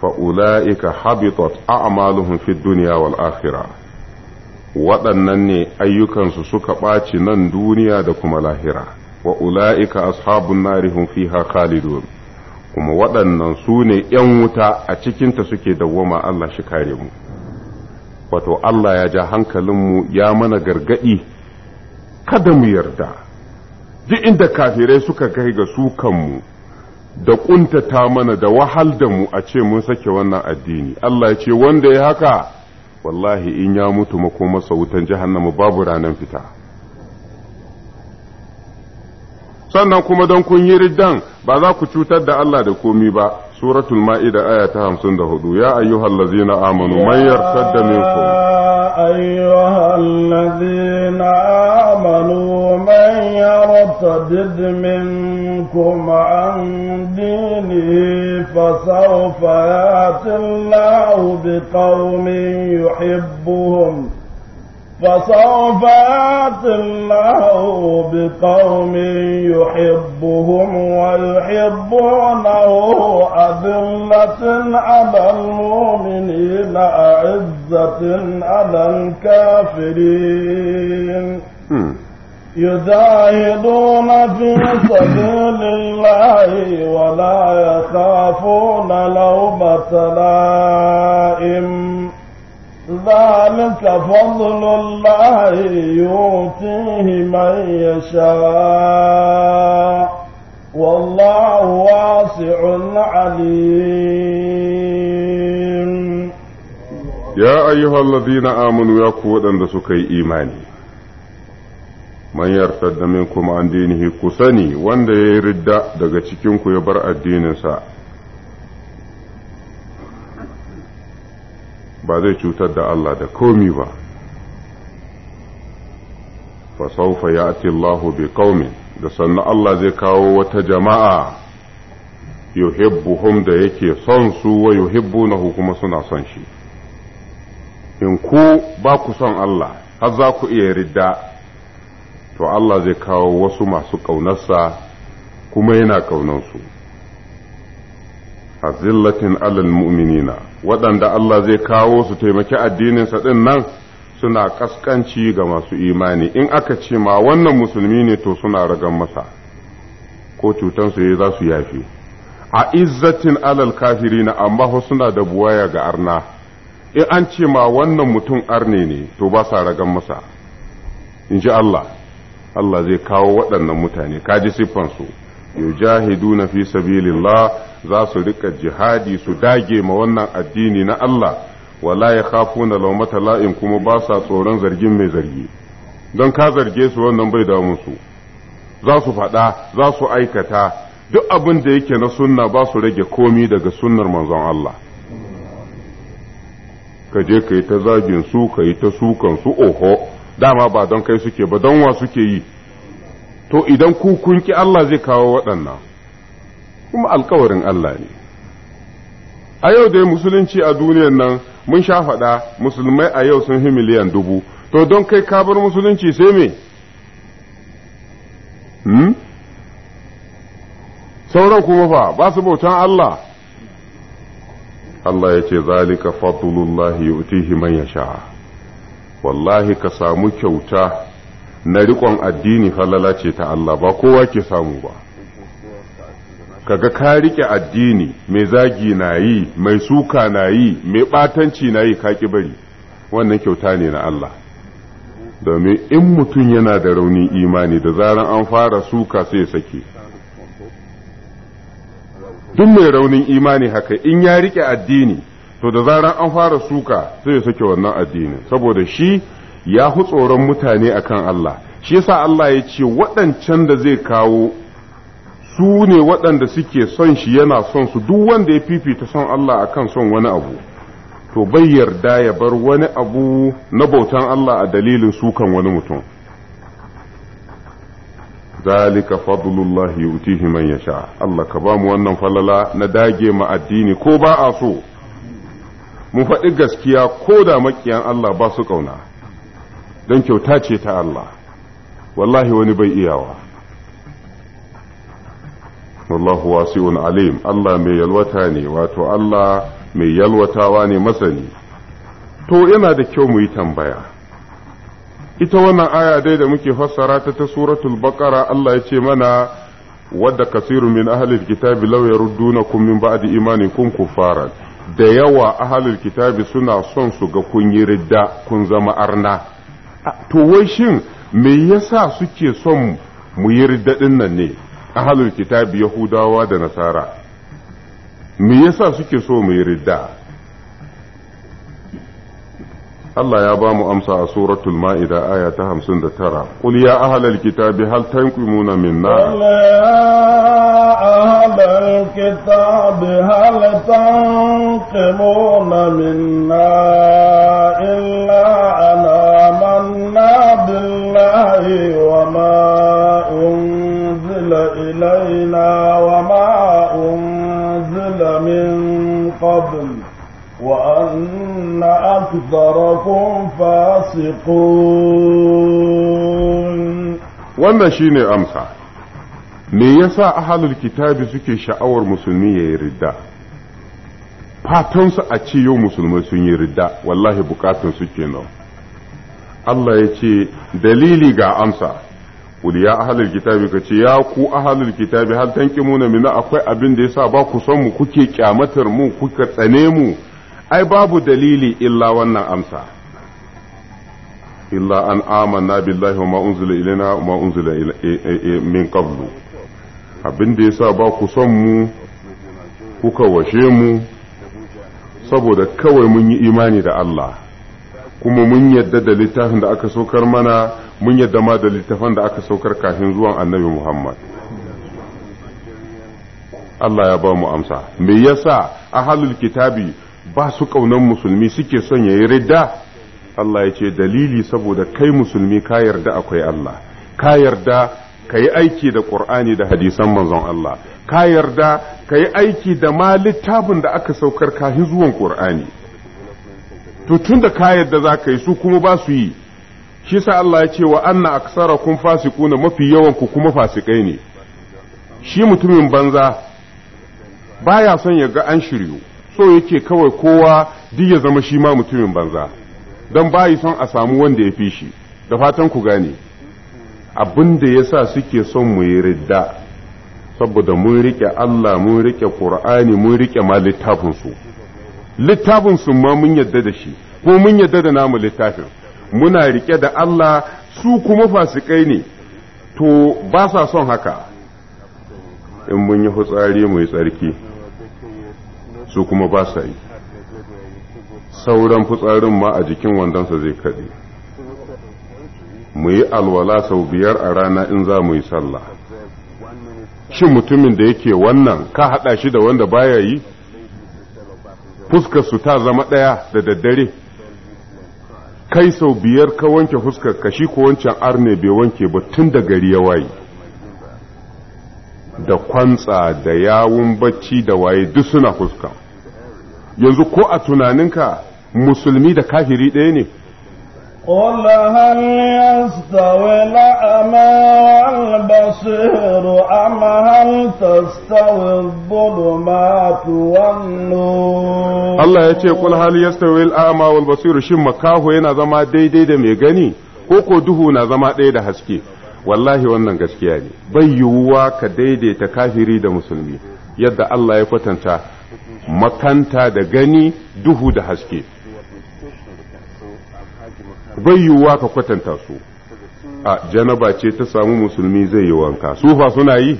fa ulaika habitat a'maluhum fid dunya wal akhirah waɗannan ne ayyukansu suka ɓaci nan duniya da kuma lahira wa ula'ika ashabun narihun fiha khalidun kuma waɗannan su ne ‘yan wuta a cikinta suke dawwama Allah shi kare mu wato Allah ya ja hankalinmu ya mana gargaɗi kada mu yarda duk inda kafirai suka kai ga sukanmu da ƙuntata mana da wahal da mu a ce mun sake wannan addini Allah ya ce wanda ya haka wallahi in ya mutu makoma wutan mu, babu ranar fita sannan kuma don kun yi riddan ba za ku cutar da Allah da komi ba suratul ma'ida aya ta hamsin 54 ya ayyuhal ladzina amanu man yartadda minkum ayyuhal ladzina amanu man yartadda minkum an dini fasawfa yati Allahu biqaumin yuhibbuhum فسوف ياتي الله بقوم يحبهم ويحبونه أذلة على المؤمنين أعزة على الكافرين hmm. يجاهدون في سبيل الله ولا يخافون لومة لائم ذلك فضل الله يؤتيه من يشاء والله واسع عليم يا أيها الذين آمنوا يقوى أن سكي إيماني man yartadda minkum an dinihi kusani wanda ya yi ridda daga cikin ku ya bar addininsa ba zai cutar da Allah da komi ba fa ya ya'ti Allahu bi qaumin da sannan Allah zai kawo wata jama'a yuhibbuhum da yake son su wa yuhibbunahu kuma suna son shi in ku ba ku son Allah har za ku iya ridda to Allah zai kawo wasu masu ƙaunarsa kuma yana ƙaunarsu azillatin alal mu'minina waɗanda Allah zai kawo su taimaki addininsa ɗin nan suna ƙasƙanci ga masu imani in aka ce ma wannan musulmi ne to suna ragan masa ko cutansu ya za su yafi a izzatin alal kafirina amma suna da buwaya ga arna in an ce ma wannan mutum arne ne to ba sa ragan masa in ji Allah Allah zai kawo waɗannan mutane kaji siffansu yujahiduna fi sabilillah za su rika jihadi su dage ma wannan addini na Allah wala ya khafu na laumata la'in kuma ba sa tsoron zargin mai zargi don ka zarge su wannan bai damunsu, musu za su faɗa za su aikata duk abin da yake na sunna ba su rage komi daga sunnar manzon Allah ka je ka yi ta zagin su ka yi ta sukan su oho dama ba don kai suke ba don wa suke yi to idan ku kun ki Allah zai kawo waɗannan kuma alkawarin Allah ne a yau dai musulunci a duniyar nan mun sha faɗa musulmai a yau sun fi miliyan dubu to don kai kabar musulunci sai me hmm? sauran kuma fa ba su bautan Allah Allah ya ce zalika fadlullahi yu'tihi man yasha wallahi ka samu kyauta na riƙon addini falala ce ta Allah ba kowa ke samu ba kaga ka rike addini mai zagi na yi mai suka na yi mai batanci na yi ka bari wannan kyauta ne na Allah domin in mutum yana da raunin imani da zaran an fara suka sai sake duk mai raunin imani haka in ya rike addini to da zaran an fara suka sai ya sake wannan addinin saboda shi ya hu tsoron mutane akan Allah shi yasa Allah ya ce waɗancan da zai kawo su ne waɗanda suke son shi yana son su duk wanda ya fifita son Allah akan son wani abu to bai yarda ya bar wani abu na bautan Allah a dalilin sukan wani mutum zalika fadlullah yu'tihi man yasha Allah ka ba mu wannan falala na dage ma addini ko ba a so mu faɗi gaskiya ko da makiyan Allah ba su kauna don kyauta ce ta Allah wallahi wani bai iyawa wallahu wasi'un alim Allah mai yalwata ne wato Allah mai yalwatawa ne masani to yana da kyau muyi tambaya ita wannan aya dai da muke fassara ta ta suratul baqara Allah ya ce mana wadda kasirun min ahlil kitabi law yaruddunakum min ba'di imanikum kufaran da yawa ahlul kitabi suna son su ga kun yi ridda kun zama arna to wai shin me yasa suke son mu yi ridda nan ne ahalul kitab yahudawa da nasara me yasa suke so mu yi ridda Allah ya ba mu amsa a suratul ma'ida aya ta hamsin da tara qul ya ahlal kitabi hal tanqimuna minna qul ya ahlal kitabi hal tanqimuna minna illa ana manna billahi wa ma إلينا وما أنزل من قبل وأن أكثركم فاسقون wannan shine amsa me yasa ahalul kitabi suke sha'awar musulmi ya yi ridda fatansu a ce yau musulmai sun yi ridda wallahi bukatansu kenan Allah ya ce dalili ga amsa qul ya ahlul kitabi kace ya ku ahlul kitabi hal tanqimuna minna akwai abin da yasa ba ku son mu kuke kyamatar mu kuka tsane mu ai babu dalili illa wannan amsa illa an amanna billahi wa ma unzila ilaina wa ma unzila min qablu abin da yasa ba ku son mu kuka washe mu saboda kawai mun yi imani da Allah kuma mun yadda da littafin da aka saukar mana mun yadda ma da littafan da aka saukar kafin zuwan annabi Muhammad. Allah ya ba mu amsa, me yasa ahalul kitabi ba su ƙaunar musulmi suke son ya yi ridda? Allah ya ce dalili saboda kai musulmi ka yarda akwai Allah, ka yarda ka yi aiki da ƙur'ani da hadisan manzon Allah, ka yarda ka yi aiki da ma littafin da aka saukar kafin zuwan ƙur'ani. To tun da ka yarda za ka yi su kuma ba su yi, shi sa Allah ya ce wa anna kun na mafi yawan ku kuma fasikai ne shi mutumin banza baya son ya ga an shiryu so yake kawai kowa duk ya zama shi ma mutumin banza don bayi son a samu wanda ya fi shi da fatan ku gane abin da ya sa suke son mu yi ridda saboda mun rike Allah mun rike Ƙur'ani mun rike ma littafin su littafin su ma mun yadda da shi ko mun yadda da namu littafin muna rike da Allah su kuma fasikai ne to ba sa son haka in mun yi hutsari mu tsarki su kuma ba sa yi sauran fitsarin ma a jikin wandonsa zai kaɗe mu yi alwala sau biyar a rana in za mu yi sallah shi mutumin da yake wannan ka haɗa shi da wanda baya yi fuskarsu ta zama ɗaya da daddare kai sau biyar ka wanke fuskar ka shi ko wancan arne bai wanke ba tun da gari ya waye da kwantsa da yawun bacci da waye duk suna fuska yanzu ko a tunaninka musulmi da kafiri ɗaya ne قل هل يستوي الأعمى والبصير أم هل تستوي الظلمات والنور الله يتي قل هل يستوي الأعمى والبصير شم مكاهو ينا زما دي دي دي ميغني koko duhu na zama ɗaya da haske wallahi wannan gaskiya ne bai yiwuwa ka daidaita kafiri da musulmi yadda Allah ya kwatanta makanta da gani duhu da haske bai yiwuwa ka kwatanta su a janaba ce ta samu musulmi zai yi wanka su fa suna yi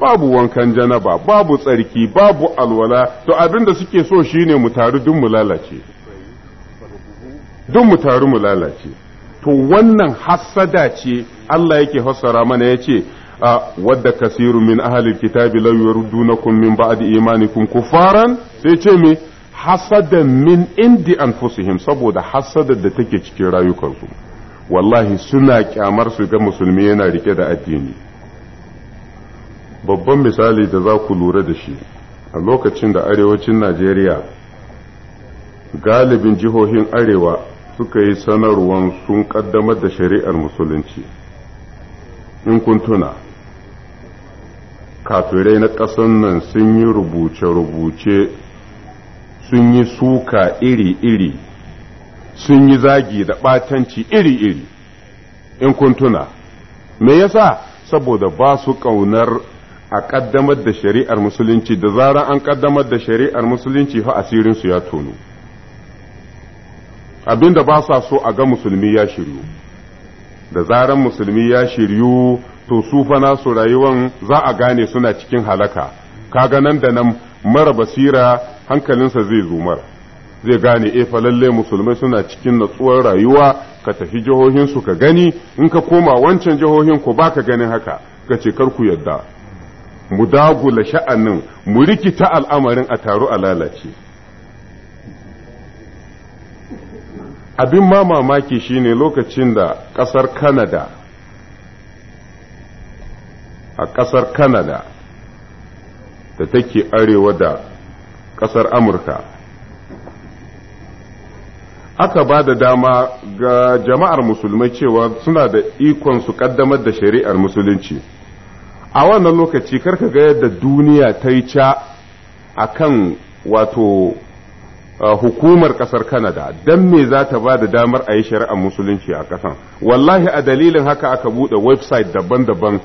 babu wankan janaba babu tsarki babu alwala to abin da suke so shine mu taru dun mu lalace dun mu taru mu lalace to wannan hassada ce Allah yake fassara mana yace a wadda kasiru min ahalil kitabi law yurdunakum min ba'di imanikum kufaran sai ce me hasadan min indi anfusihim saboda hassada da take cikin rayukansu wallahi suna kyamar su ga musulmi yana rike da addini babban misali da za ku lura da shi a lokacin da arewacin najeriya galibin jihohin arewa suka yi sanarwan sun kaddamar da shari'ar musulunci in kun tuna kafirai na ƙasan nan sun yi rubuce-rubuce sun yi suka iri-iri sun yi zagi da ɓatanci iri-iri in kuntuna me yasa saboda ba su ƙaunar a ƙaddamar da shari'ar musulunci da zarar an ƙaddamar da shari'ar musulunci fa asirinsu ya tono abinda ba sa so a ga musulmi ya shiryu da zarar musulmi ya shiryu to su fa nasu rayuwan za a gane suna cikin halaka kaga nan da nan mara basira hankalinsa zai zo zai gane e fa lalle musulmai suna cikin natsuwar rayuwa ka tafi jihohin su ka gani in ka koma wancan jihohin ku baka ganin haka ka ce kar ku yadda mu dagula sha'anin mu rikita al'amarin a taro a lalace abin ma mamaki shine lokacin da ƙasar Canada a ƙasar Canada da take arewa da ƙasar amurka aka ba da dama ga jama'ar musulmai cewa suna da ikon su ƙaddamar da shari'ar musulunci a wannan lokaci karka ga yadda duniya ta yi ca a kan wato hukumar ƙasar Kanada don me za ta ba da damar a yi shari'ar musulunci a ƙasar? wallahi a dalilin haka aka buɗe website daban-daban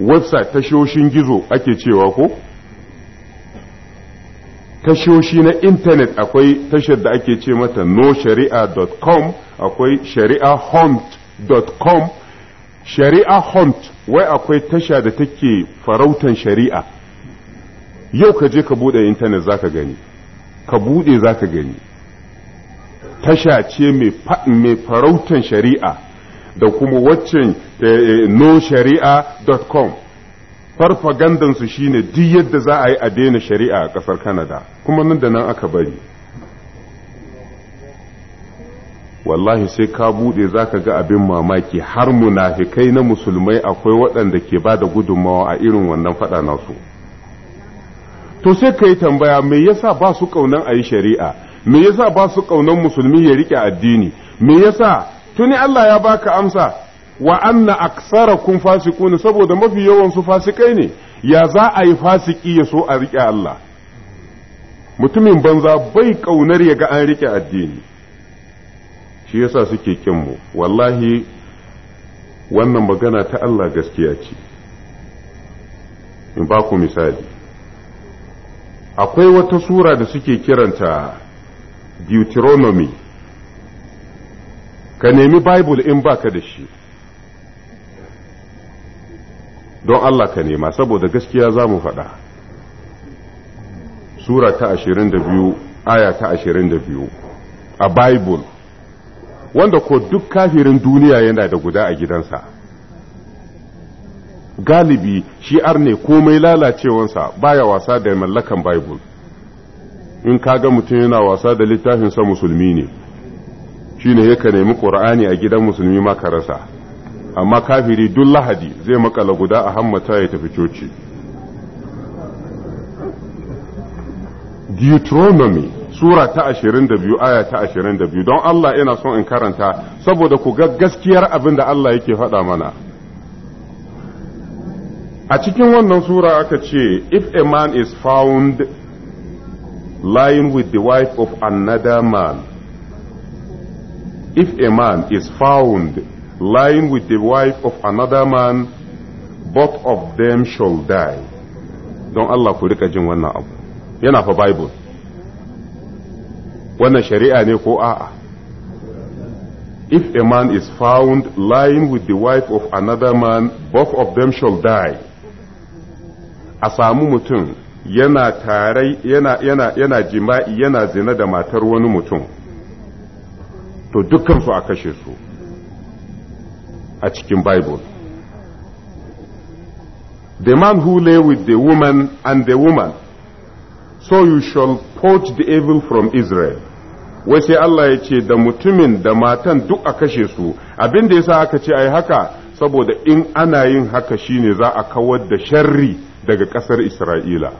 website tashoshin gizo ake cewa ko tashoshi na intanet akwai tashar da ake ce mata noshari'a.com akwai shari'ahunt.com shari'a hunt wai akwai tasha da take farautan shari'a yau ka je ka bude intanet zaka gani ka bude zaka gani tasha ce mai farautan shari'a da kuma waccan eh, eh, no shari'a.com farfagandansu shine duk yadda za a yi a daina shari'a a ƙasar Kanada kuma nan da nan aka bari wallahi sai ka buɗe za ka ga abin mamaki har munafikai na musulmai akwai waɗanda ke ba da gudunmawa a irin wannan faɗa nasu to sai ka yi tambaya me yasa ba su ƙaunan a yi shari'a me yasa ba su ƙaunan musulmi ya riƙe addini me yasa tuni Allah ya baka amsa wa anna aktsarakum fasiqun saboda mafi yawan su fasikai ne ya za a yi fasiki ya so a rike Allah mutumin banza bai kaunar ya ga an rike addini shi yasa suke kin mu wallahi wannan magana ta Allah gaskiya ce in ba ku misali akwai wata sura da suke kiranta Deuteronomy ka nemi Bible in baka da shi don Allah ka nema saboda gaskiya za mu faɗa sura ta 22 aya ta biyu a bible wanda ko duk kafirin duniya yana da guda a gidansa galibi shi arne komai lalacewansa baya wasa da mallakan bible in ka ga mutum yana wasa da littafinsa musulmi ne shi shine yaka nemi ƙur'ani a gidan musulmi ma ka rasa amma kafiri duk lahadi zai makala guda a hammata ya tafi coci Deuteronomy Sura ta ashirin da biyu aya ta ashirin da biyu don Allah yana son in karanta saboda ku ga gaskiyar abin da Allah yake faɗa mana. A cikin wannan Sura aka ce, If a man is found lying with the wife of another man, if a man is found lying with the wife of another man, both of them shall die. Don Allah ku rika jin wannan abu, yana fa Bible. Wannan shari'a ne ko a'a. If a man is found lying with the wife of another man, both of them shall die. A samu mutum yana tare yana yana yana jima'i yana zina da matar wani mutum, to su a kashe su. a cikin Bible. The man who lay with the woman and the woman, so you shall purge the evil from Israel. Wai sai Allah ya ce da mutumin da matan duk a kashe su, abin da ya sa aka ce a yi haka, saboda in ana yin haka shi ne za a kawar da sharri daga ƙasar Isra'ila.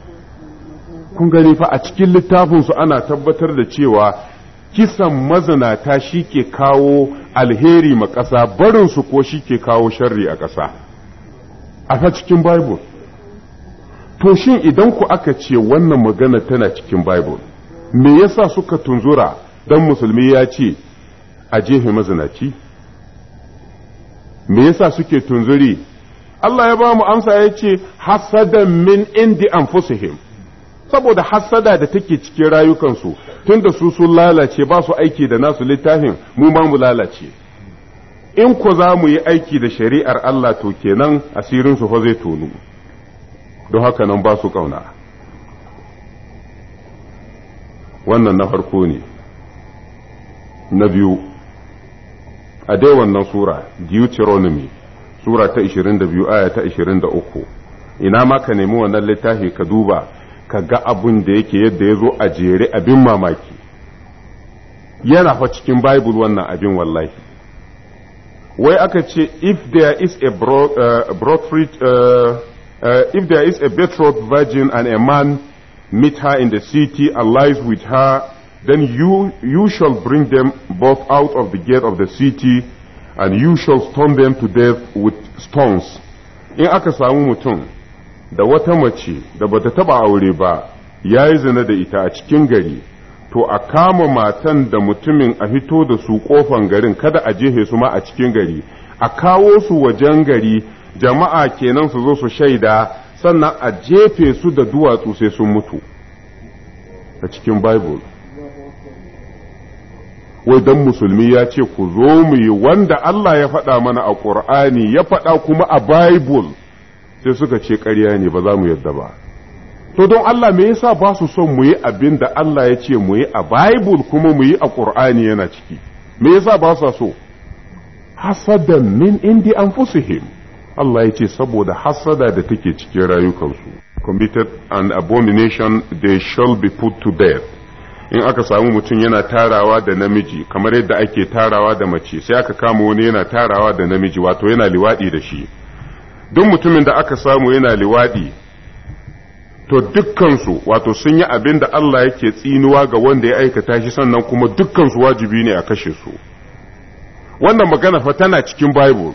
Kun gani fa a cikin littafinsu ana tabbatar da cewa kisan mazinata shi ke kawo alheri ma ƙasa barinsu ko shi ke kawo sharri a ƙasa a ta cikin bible to shin idan ku aka ce wannan magana tana cikin bible me yasa suka tunzura dan musulmi ya ce a jefe mazinaci me yasa suke tunzuri Allah ya ba mu amsa ya ce hasadan min indi anfusihim saboda hassada da take cikin rayukansu tunda su sun lalace ba su aiki da nasu littafin mu ma mu lalace in ku za mu yi aiki da shari'ar Allah to kenan asirin su fa zai tonu don haka nan ba su kauna wannan na farko ne na biyu a dai wannan sura Deuteronomy sura ta 22 aya ta 23 ina ma ka nemi wannan littafi ka duba ka ga abun da yake yadda ya zo a jere abin mamaki yana fa cikin bible wannan abin wallahi wai aka ce if there is a broad, uh, broad uh, uh, if there is a betrothed virgin and a man meet her in the city and lies with her then you you shall bring them both out of the gate of the city and you shall stone them to death with stones in aka samu mutum da wata mace da bata taba aure ba ya yi zina da ita a cikin gari to a kama matan da mutumin a fito da su kofan garin kada a jehe su ma a cikin gari a kawo su wajen gari jama'a kenan su zo su shaida sannan a jefe su da duwatsu sai sun mutu a cikin bible wai dan musulmi ya ce ku zo mu yi wanda Allah ya faɗa mana a ƙur'ani ya faɗa kuma a bible sai suka ce ƙarya ne ba za mu yadda ba to don Allah me yasa ba su son mu yi abin da Allah ya ce mu yi a Bible kuma mu yi a Qur'ani yana ciki me yasa ba su so hasadan min indi anfusihim Allah ya ce saboda hasada da take cikin rayukansu committed an abomination they shall be put to death in aka samu mutum yana tarawa da namiji kamar yadda ake tarawa da mace sai aka kama wani yana tarawa da namiji wato yana liwaɗi da shi duk mutumin da aka samu yana liwaɗi to dukkansu wato sun yi abin da Allah yake tsinuwa ga wanda ya aikata shi sannan kuma dukkansu wajibi ne a kashe su wannan magana fa tana cikin bible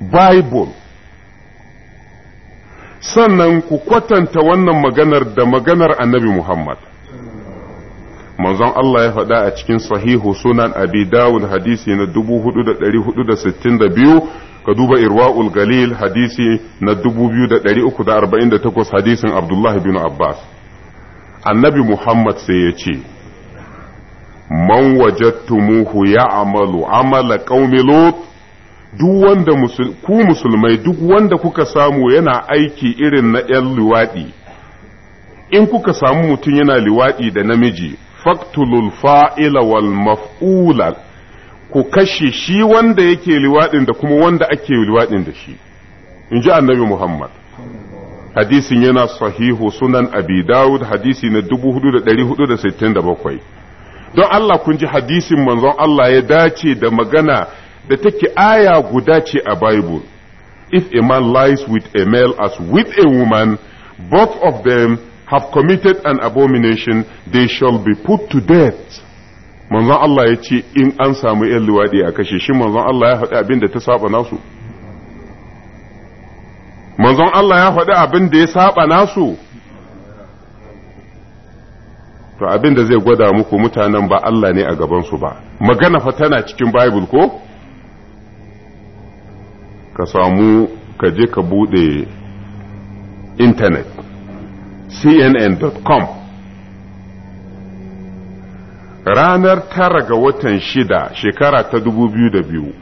bible sannan ku kwatanta wannan maganar da maganar annabi muhammad manzon Allah ya faɗa a cikin sahihu sunan abi dawud hadisi na 4462 ka duba irwa'ul galil hadisi na 2348 hadisin abdullahi bin abbas annabi muhammad sai ya ce man wajattumuhu ya amalu amala qaumi lut duk wanda ku musulmai duk wanda kuka samu yana aiki irin na ‘yan liwaɗi? in kuka samu mutum yana liwaɗi da namiji, faktulul fa'ila wal maf'ula ku kashe shi wanda yake liwaɗin da kuma wanda ake liwaɗin da shi in ji annabi Muhammad hadisin yana sahihu sunan abi dawud hadisi na 4467 don Allah kun ji hadisin manzon Allah ya dace da magana da take aya guda ce a Bible if a man lies with a male as with a woman both of them have committed an abomination they shall be put to death manzon Allah ya ce in an samu ‘yan luwaɗi a kashe shi manzon Allah ya faɗi abin da ta saba nasu manzon Allah ya faɗi abin da ya saba nasu to abin da zai gwada muku mutanen ba Allah ne a gabansu ba magana fa tana cikin Bible ko ka samu ka je ka buɗe intanet cnn.com ranar tara ga watan shida shekara ta dubu biyu da biyu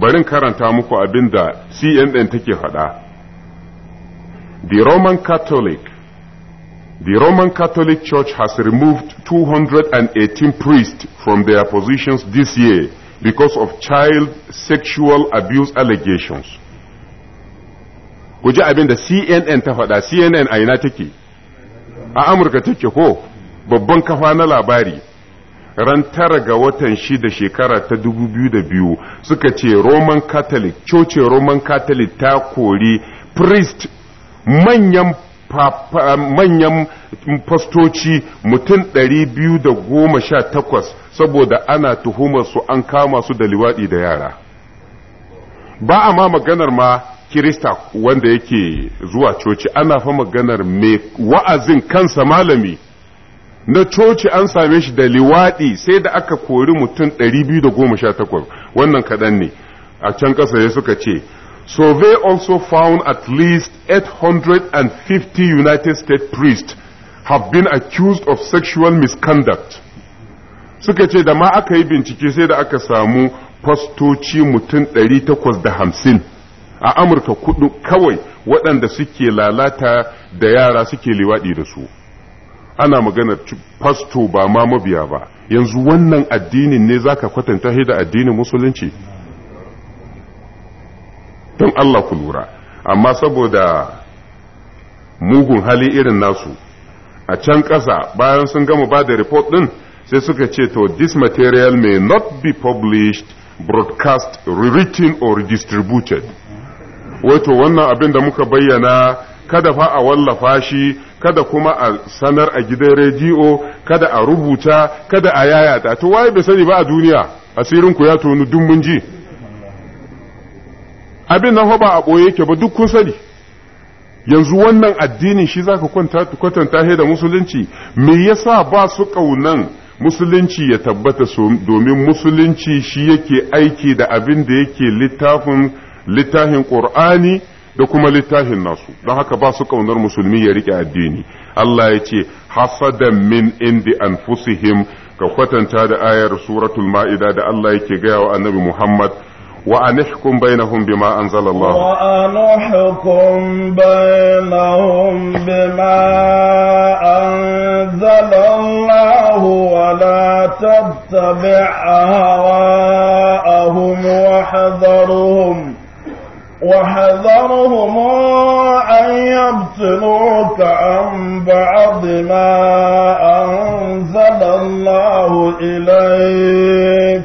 barin karanta muku abin da cnn take faɗa the roman catholic the roman catholic church has removed 218 priests from their positions this year because of child sexual abuse allegations guji abin da cnn ta faɗa cnn a ina take a amurka take ko babban kafa na labari ran tara ga watan shida shekara ta dubu biyu da biyu suka ce roman catholic coci roman catholic ta kori priest manyan manyan fastoci mutum ɗari biyu da goma sha takwas saboda ana tuhumar su an kama su da liwaɗi da yara ba a ma maganar ma kirista wanda yake zuwa coci ana fa maganar mai wa'azin kansa malami na coci an same shi da liwaɗi sai da aka kori mutum 218 wannan kaɗan ne a can ƙasa ya suka ce survey also found at least 850 united states priests have been accused of sexual misconduct suka ce da ma aka yi bincike sai da aka samu fastoci mutum 850 a amurka kudu kawai waɗanda suke lalata da yara suke liwaɗi da su ana maganar fasto ba ma mabiya ba yanzu wannan addinin ne zaka kwatanta shi da addinin musulunci don Allah ku lura amma saboda mugun hali irin nasu a can ƙasa bayan sun gama ba da report ɗin sai suka ce to this material may not be published broadcast rewritten or distributed wato wannan abin da muka bayyana kada fa a wallafa shi kada kuma a sanar a gidan rediyo kada a rubuta kada a yayata to waye bai sani ba a duniya asirin ku ya tonu duk mun ji abin nan ba a boye yake ba duk kun sani yanzu wannan addinin shi zaka kwanta kwatanta he da musulunci me yasa ba su kaunan musulunci ya tabbata domin musulunci shi yake aiki da abin da yake littafin littafin qur'ani da kuma littafin nasu don haka ba su kaunar musulmi ya rike addini Allah ya ce hasadan min indi anfusihim ka kwatanta da ayar suratul ma'ida da Allah yake gaya wa annabi Muhammad wa bainahum bima anzala Allah wa الله bainahum bima anzala Allah wa la tattabi'a hawa'ahum wa hadharuhum وحذرهم أن يبتلوك عن بعض ما أنزل الله إليك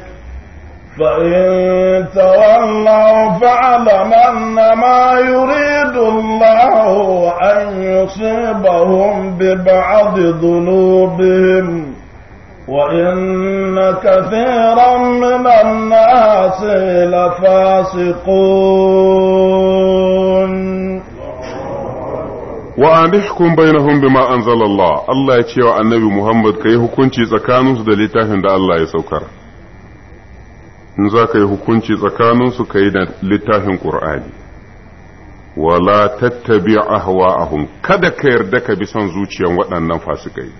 فإن تولوا فعلم أن ما يريد الله أن يصيبهم ببعض ذنوبهم وإن كثيرا من الناس لفاسقون wa anihkum bainahum bima anzala Allah Allah ya cewa annabi Muhammad kai hukunci tsakaninsu da littafin da Allah ya saukar in za ka yi hukunci tsakaninsu ka yi da littafin Qur'ani wala tattabi ahwa'ahum kada ka yarda ka bi son zuciyan waɗannan fasikai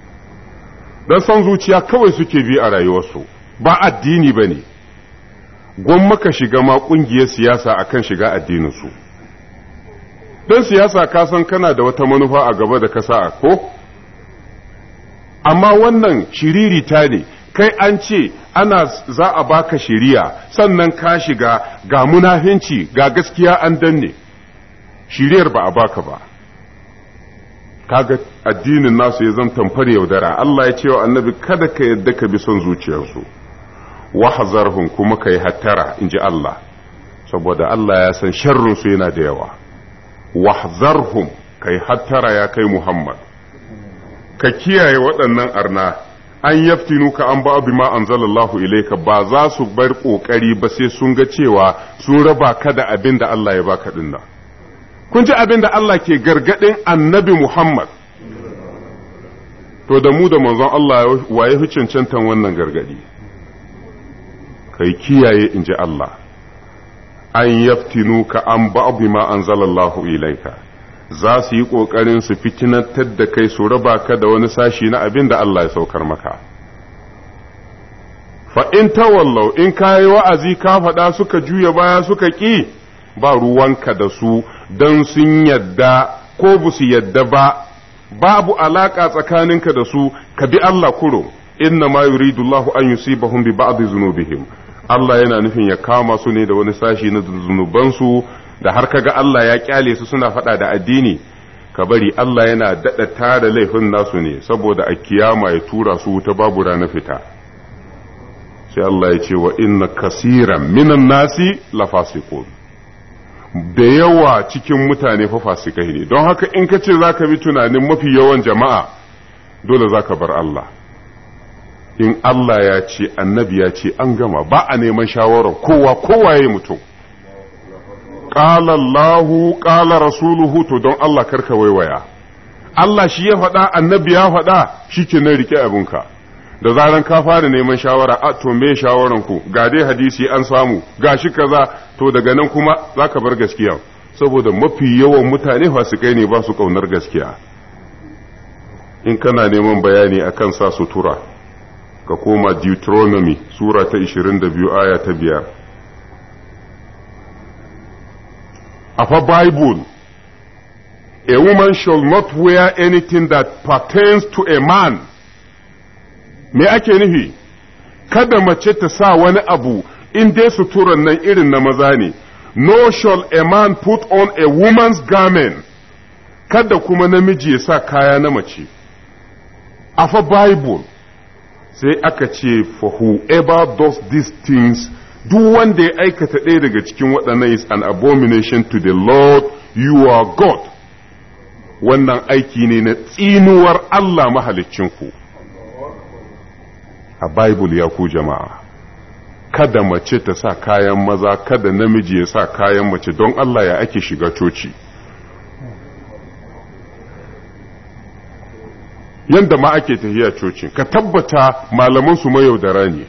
don san zuciya kawai suke bi a rayuwarsu ba addini ba ne gwamma ka shiga ma ƙungiyar siyasa a kan shiga addininsu don siyasa ka san kana da wata manufa a gaba da kasa a ko amma wannan shiririta ne kai an ce ana za a baka shiriya sannan ka shiga ga munafinci ga gaskiya an danne shiriyar ba a baka ba kaga addinin nasu ya zanta tamfar yaudara Allah ya ce wa annabi kada ka yadda ka bi son zuciyarsu wahzarhum kuma kai hattara inji Allah saboda Allah ya san sharrin su yana da yawa wahzarhum kai hattara ya kai Muhammad ka kiyaye waɗannan arna an yaftinu ka an ba bi ma anzalallahu ilayka ba za su bar kokari ba sai sun ga cewa sun raba ka da abinda Allah ya baka dinnan kun ji abin da Allah ke gargadin annabi Muhammad to da mu da manzon Allah waye hucincantan cancantan wannan gargadi kai kiyaye in ji Allah an yaftinu ka an ba'abi ma an zalallahu ilaika za su yi ƙoƙarin su fitinantar da kai su raba ka da wani sashi na abin da Allah ya saukar maka fa in tawallau in kayi wa'azi ka faɗa suka juya baya suka ƙi ba ruwanka da su don sun yadda ko bu su yadda ba babu alaƙa tsakaninka da su ka bi Allah kuro inna ma yuridu Allah an yusibahum bi ba'd zunubihim Allah yana nufin ya kama su ne da wani sashi na zunubansu da har kaga Allah ya kyale su suna faɗa da addini ka bari Allah yana daɗa tare laifin nasu ne saboda a kiyama ya tura su wuta babu rana fita sai Allah ya ce wa inna kasiran minan nasi lafasiqun da yawa cikin mutane fa fasikai ne don haka in ka ce za ka bi tunanin mafi yawan jama'a dole za ka bar Allah in Allah ya ce annabi ya ce an gama ba a neman shawarar kowa kowa ya mutum ƙala Allahu kala rasuluhu to don Allah karka waiwaya Allah shi ya faɗa annabi ya faɗa shi ke na riƙe abinka da zaran ka fara neman shawara a to me shawaran ku ga dai hadisi an samu Ga shi kaza to daga nan kuma zaka bar gaskiya saboda mafi yawan mutane fasikai ne ba su kaunar gaskiya in kana neman bayani akan sa sutura ka koma Deuteronomy sura ta 22 aya ta biyar a fa Bible a woman shall not wear anything that pertains to a man me ake nufi kada mace ta sa wani abu in dai suturan nan irin na maza ne no shall a man put on a woman's garment kada kuma namiji ya sa kaya na mace a fa bible sai aka ce for whoever does these things duk wanda ya aikata ɗaya daga cikin waɗannan is an abomination to the lord you are god wannan aiki ne na tsinuwar allah ku. a Bible ya ku jama'a kada mace ta sa kayan maza kada namiji ya sa kayan mace don Allah ya ake shiga coci yanda ma ake tahiya coci ka tabbata malaman su mayaudara ne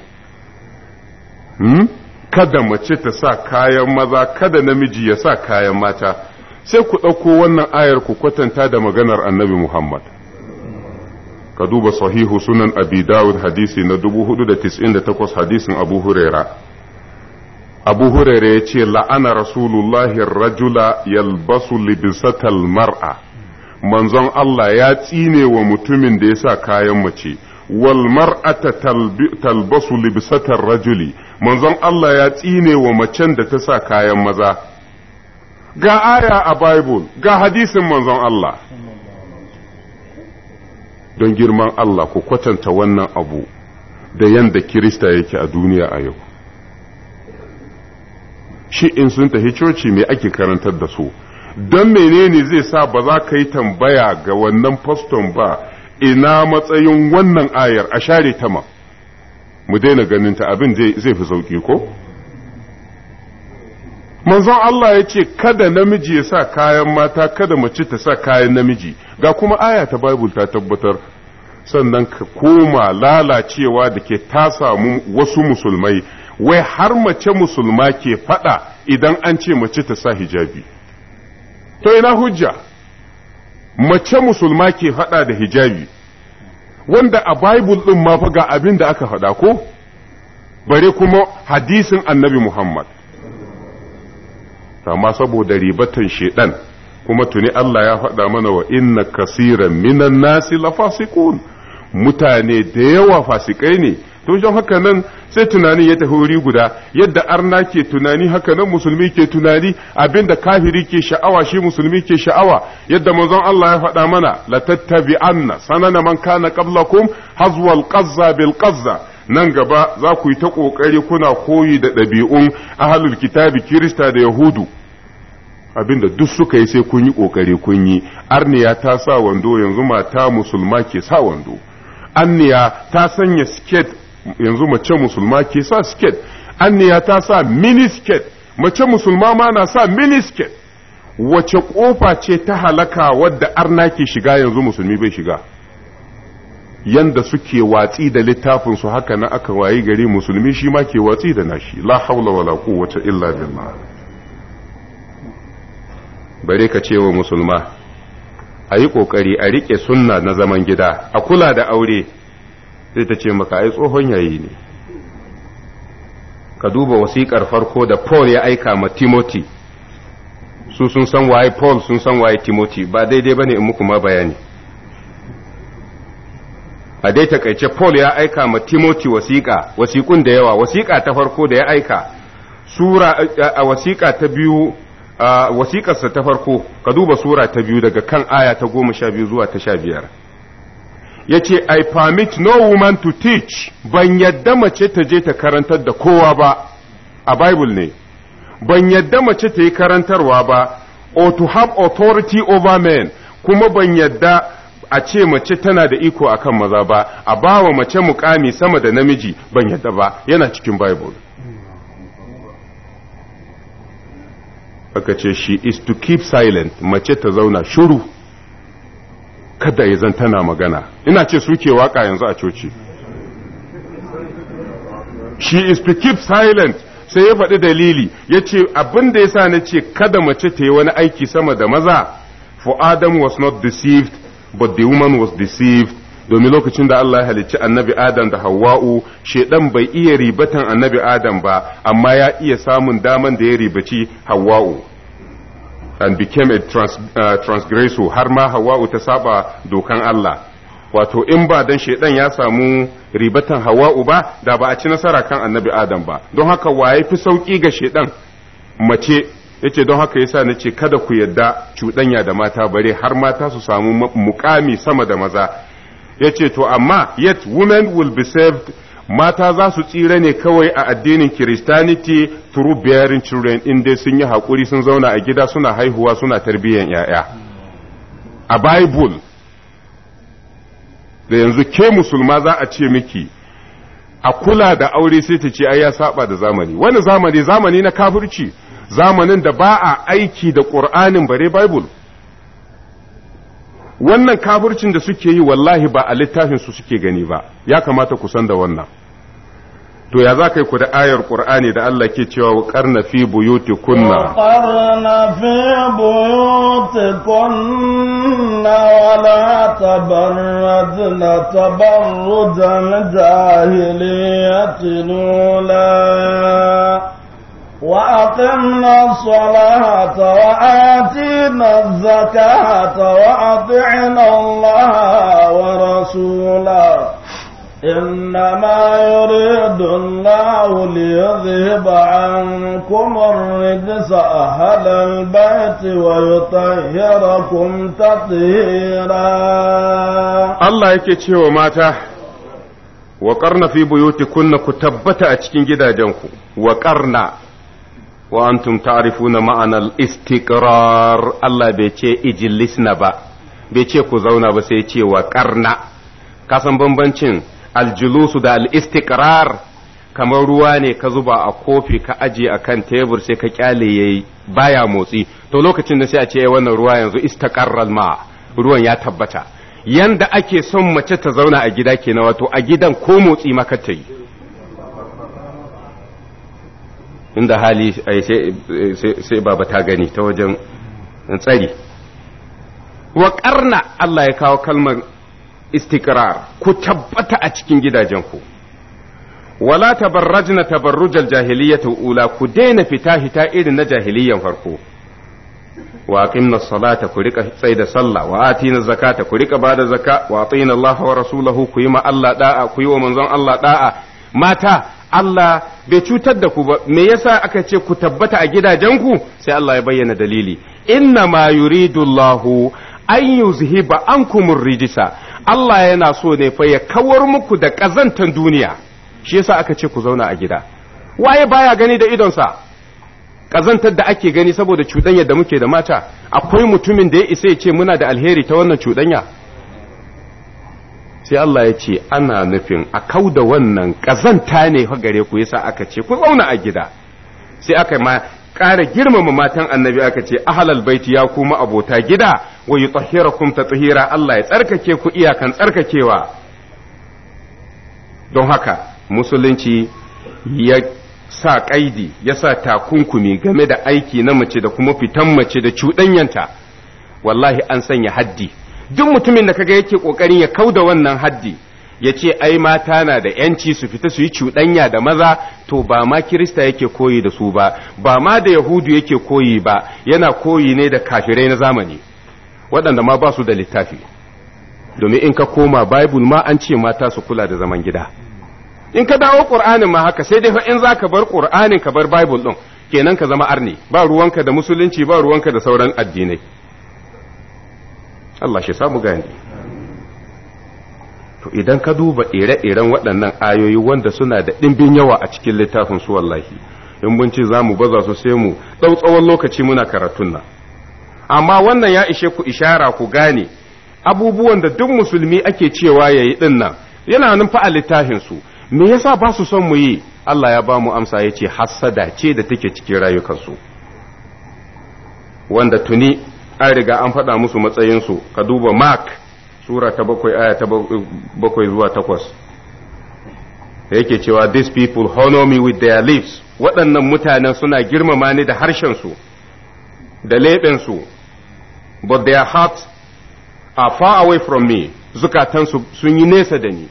hmm? kada mace ta sa kayan maza kada namiji ya sa kayan mata sai ku ɗauko wannan ayar ku kwatanta da maganar annabi Muhammad ka duba sahihu sunan abi dawud hadisi na 498 hadisin abu huraira abu huraira ya ce la'ana rasulullahi rajula yalbasu libisatal mar'a manzon Allah ya tsine wa mutumin da ya sa kayan mace wal mar'ata talbasu libisatar rajuli manzon Allah ya tsine wa macen da ta sa kayan maza ga aya a bible ga hadisin manzon Allah don girman Allah ku kwatanta wannan abu da yanda Kirista yake a duniya a yau shi in sun tafi coci me ake karantar da su don menene zai sa ba za ka yi tambaya ga wannan faston ba ina matsayin wannan ayar a share ta ma mu daina ganin ta abin zai fi sauƙi ko manzon Allah ya ce kada namiji ya sa kayan mata kada mace ta sa kayan namiji ga kuma aya ta bible ta tabbatar sannan ka koma lalacewa da ke ta samu wasu musulmai wai har mace musulma ke fada idan an ce mace ta sa hijabi to ina hujja mace musulma ke fada da hijabi wanda a bible ɗin ma faga ga abin da aka faɗa ko bare kuma hadisin annabi muhammad amma saboda ribatan shedan kuma tuni Allah ya faɗa mana wa inna kasiran minan nasi lafasiqun mutane da yawa fasikai ne to don haka nan sai tunani ya tafi wuri guda yadda arna ke tunani haka nan musulmi ke tunani abinda kafiri ke sha'awa shi musulmi ke sha'awa yadda manzon Allah ya faɗa mana la tattabi'anna sanana man kana qablakum hazwal qazza bil qazza nan gaba za ku yi ta ƙoƙari kuna koyi da ɗabi'un ahalul kitabi kirista da yahudu abinda duk suka yi sai kun yi ƙoƙari kun yi arniya ta sa wando yanzu mata musulma ke sa wando anniya ta sanya sket yanzu mace musulma ke sa sket anniya ta sa mini sket mace musulma ma na sa mini sket wace ƙofa ce ta halaka wadda arna ke shiga yanzu musulmi bai shiga yanda suke watsi da littafin su haka na aka wayi gari musulmi shi ma ke watsi da nashi la haula wala quwwata illa billah bare ka ce musulma a yi ƙoƙari a riƙe sunna na zaman gida a kula da aure sai ta ce maka ai tsohon yayi ne ka duba wasikar farko da paul ya aika ma timoti su sun san waye paul sun san waye timoti ba daidai bane in muku ma bayani a dai takaice Paul ya aika ma Timothy wasiƙa wasiƙun da yawa wasiƙa ta farko da ya aika sura a wasiƙa ta biyu wasiƙarsa ta farko ka duba sura ta biyu daga kan aya ta goma sha biyu zuwa ta sha biyar ya ce I permit no woman to teach ban yadda mace ta je ta karantar da kowa ba a Bible ne ban yadda mace ta yi karantarwa ba or to have authority over men kuma ban yadda a ce mace tana da iko akan maza ba a bawa mace mukami sama da namiji ban yadda ba yana cikin bible aka ce is to keep silent mace ta zauna shuru kada ya zan tana magana ina ce suke waka yanzu a coci she is to keep silent sai ya faɗi dalili ya ce abin da ya sa na ce kada mace ta yi wani aiki sama da maza for adam was not deceived but the woman was deceived domin lokacin da Allah ya halicci annabi Adam da Hawwa'u shedan bai iya ribatan annabi Adam ba amma ya iya samun daman da ya ribaci Hawwa'u and became a trans, uh, transgressor har ma Hawwa'u ta saba dokan Allah wato in ba dan shedan ya samu ribatan Hawwa'u ba da ba a ci nasara kan annabi Adam ba don haka waye fi sauki ga shedan mace yace don haka yasa nace kada ku yadda cuɗanya da mata bare har mata su samu mukami sama da maza yace to amma yet women will be saved mata za su tsira ne kawai a addinin Christianity through bearing children in dai sun yi hakuri sun zauna a gida suna haihuwa suna tarbiyyar ‘ya'ya. A Bible, da yanzu ke musulma za a ce miki, a kula da aure sai ta ce ai ya saba da zamani, wani zamani zamani na kafirci zamanin da ba a aiki da ƙur'anin bare bible wannan kafircin da suke yi wallahi ba a littafin su suke gani ba ya kamata ku san da wannan to ya za kai ku da ayar ƙur'ani da Allah ke cewa wa ƙarna fi buyuti kunna fi tabarrajna tabarrujan jahiliyatin ula وأقمنا الصلاة وآتينا الزكاة وأطعنا الله ورسوله إنما يريد الله ليذهب عنكم الرجس أهل البيت ويطهركم تطهيرا الله يكي وماتا وقرن في بيوتكن كتبت أتشكين جدا جنكو وقرن wa antum ta'rifuna ma'anar istiqrar Allah bai ce ijlisna ba bai ce ku zauna ba sai ce karna kasan bambancin aljulusu da al kamar ruwa ne ka zuba a kofi ka aje a kan tebur sai ka kyale yayi baya motsi to lokacin da sai a ce wannan ruwa yanzu istaqarral ma ruwan ya tabbata yanda ake son mace ta zauna a gida kena wato a gidan ko motsi maka ta yi inda hali sai baba ta gani ta wajen tsari wa ƙarna Allah ya kawo kalmar istikrar ku tabbata a cikin gidajenku wala tabarrajna tabarrujal jahiliyyata ula ku daina fita hita irin na jahiliyyan farko wa aqimna salata ku rika tsai da sallah wa atina zakata ku rika bada zakka wa atina Allah wa rasulahu ku yi ma Allah da'a ku yi wa manzon Allah da'a mata Allah bai cutar da ku ba me yasa aka ce ku tabbata a gidajenku sai Allah ya bayyana dalili inna ma yuridu Allahu an yuzhiba ankumur rijisa Allah yana so ne fa ya kawar muku da kazantan duniya shi yasa aka ce ku zauna a gida waye baya gani da idonsa kazantar da ake gani saboda cudanya da muke da mata akwai mutumin da ya isa ya ce muna da alheri ta wannan cudanya. sai Allah ya ce ana nufin a kau da wannan ƙazanta ne fa gare ku yasa aka ce ku zauna a gida sai aka ma ƙara girmama matan annabi aka ce ahalal baiti ya kuma abota gida wa ta tatheera Allah ya tsarkake ku iyakan tsarkakewa don haka musulunci ya sa kaidi ya sa takunkumi game da aiki na mace da kuma fitan mace da cuɗanyanta wallahi an sanya haddi duk mutumin da kaga yake kokarin ya kauda wannan haddi ya ce ai mata na da yanci su fita su yi cuɗanya da maza to ba ma kirista yake koyi da su ba ba ma da yahudu yake koyi ba yana koyi ne da kafirai na zamani waɗanda ma ba su da littafi domin in ka koma bible ma an ce mata su kula da zaman gida in ka dawo qur'anin ma haka sai dai fa in zaka bar qur'anin ka bar bible din kenan ka zama arni ba ruwanka da musulunci ba ruwanka da sauran addinai Allah shi samu gani to idan ka duba ire-iren waɗannan ayoyi wanda suna da ɗimbin yawa a cikin littafin su wallahi in mun ce za mu baza su sai mu ɗau tsawon lokaci muna karatun nan amma wannan ya ishe ku ishara ku gane abubuwan da duk musulmi ake cewa ya yi ɗin nan yana nan fa a littafin su me yasa ba su son mu yi Allah ya ba mu amsa ya ce hassada ce da take cikin rayukansu wanda tuni an riga an faɗa musu matsayinsu ka duba mark sura ta bakwai aya ta bakwai zuwa takwas da yake cewa these people honor me with their lips waɗannan mutanen suna girmama ni da harshensu da leɓensu but their hearts are far away from me zukatansu sun yi nesa da ni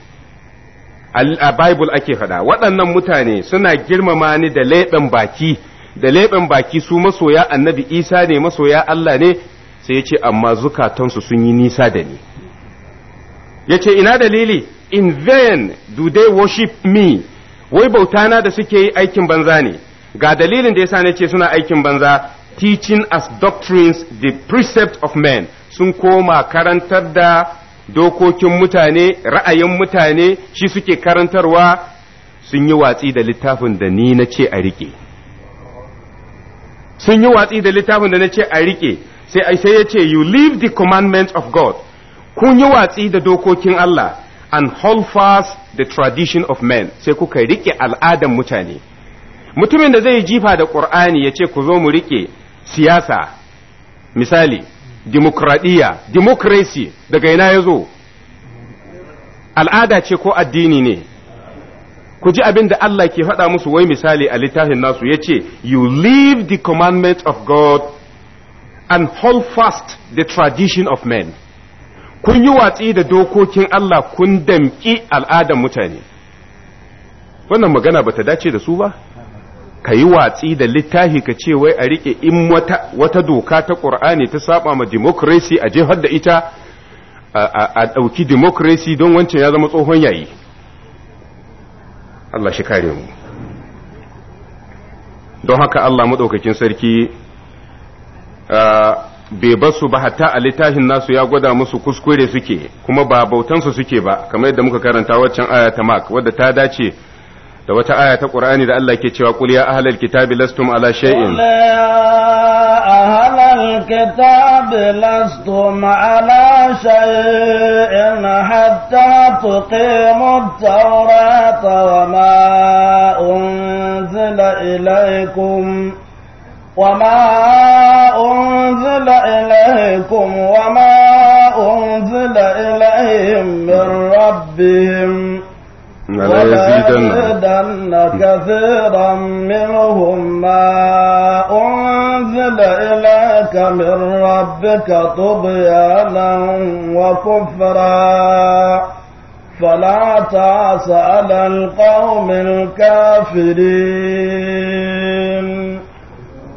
a bible ake faɗa waɗannan mutane suna girmama ni da leɓen baki da leɓen baki su masoya annabi isa ne masoya allah ne sai ya ce amma zukatansu sun yi nisa da ni ya ce ina dalili in vain do they worship me wai bautana da suke yi aikin banza ne ga dalilin da yasa na ce suna aikin banza teaching as doctrines the precept of men sun koma karantar da dokokin mutane ra'ayin mutane shi suke karantarwa sun yi watsi da littafin da ni na ce a rike sun yi watsi da littafin da na ce a rike sai ai sai yace you leave the commandments of God kun yi watsi da dokokin Allah and hold fast the tradition of men sai kuka rike al'adan mutane mutumin da zai jifa da qur'ani yace ku zo mu rike siyasa misali demokradiya democracy daga ina yazo al'ada ce ko addini ne ku ji abin da Allah ke faɗa musu wai misali a littafin nasu yace ce you leave the commandment of God and hold fast the tradition of men kun yi watsi da dokokin Allah kun damƙi al'adar mutane wannan magana bata dace da su ba ka yi watsi da littafi ka ce wai a riƙe in wata, doka ta ƙur'ani ta saba ma democracy a jihar da ita a ɗauki democracy don wancan ya zama tsohon yayi Allah shi kare mu don haka Allah maɗaukakin sarki bai basu ba hatta a littafin nasu ya gwada musu kuskure suke kuma ba bautansu suke ba kamar yadda muka karanta waccan aya ta mak wadda ta dace da wata aya ta Qur'ani da Allah ke cewa qul ya ahlal kitabi lastum ala shay'in qul ya ahlal kitabi lastum ala shay'in hatta tuqimu at-taurata wa ma unzila ilaykum وما أنزل إليكم وما أنزل إليهم من ربهم ولا يزيدن كثيرا منهم ما أنزل إليك من ربك طغيانا وكفرا فلا تعس على القوم الكافرين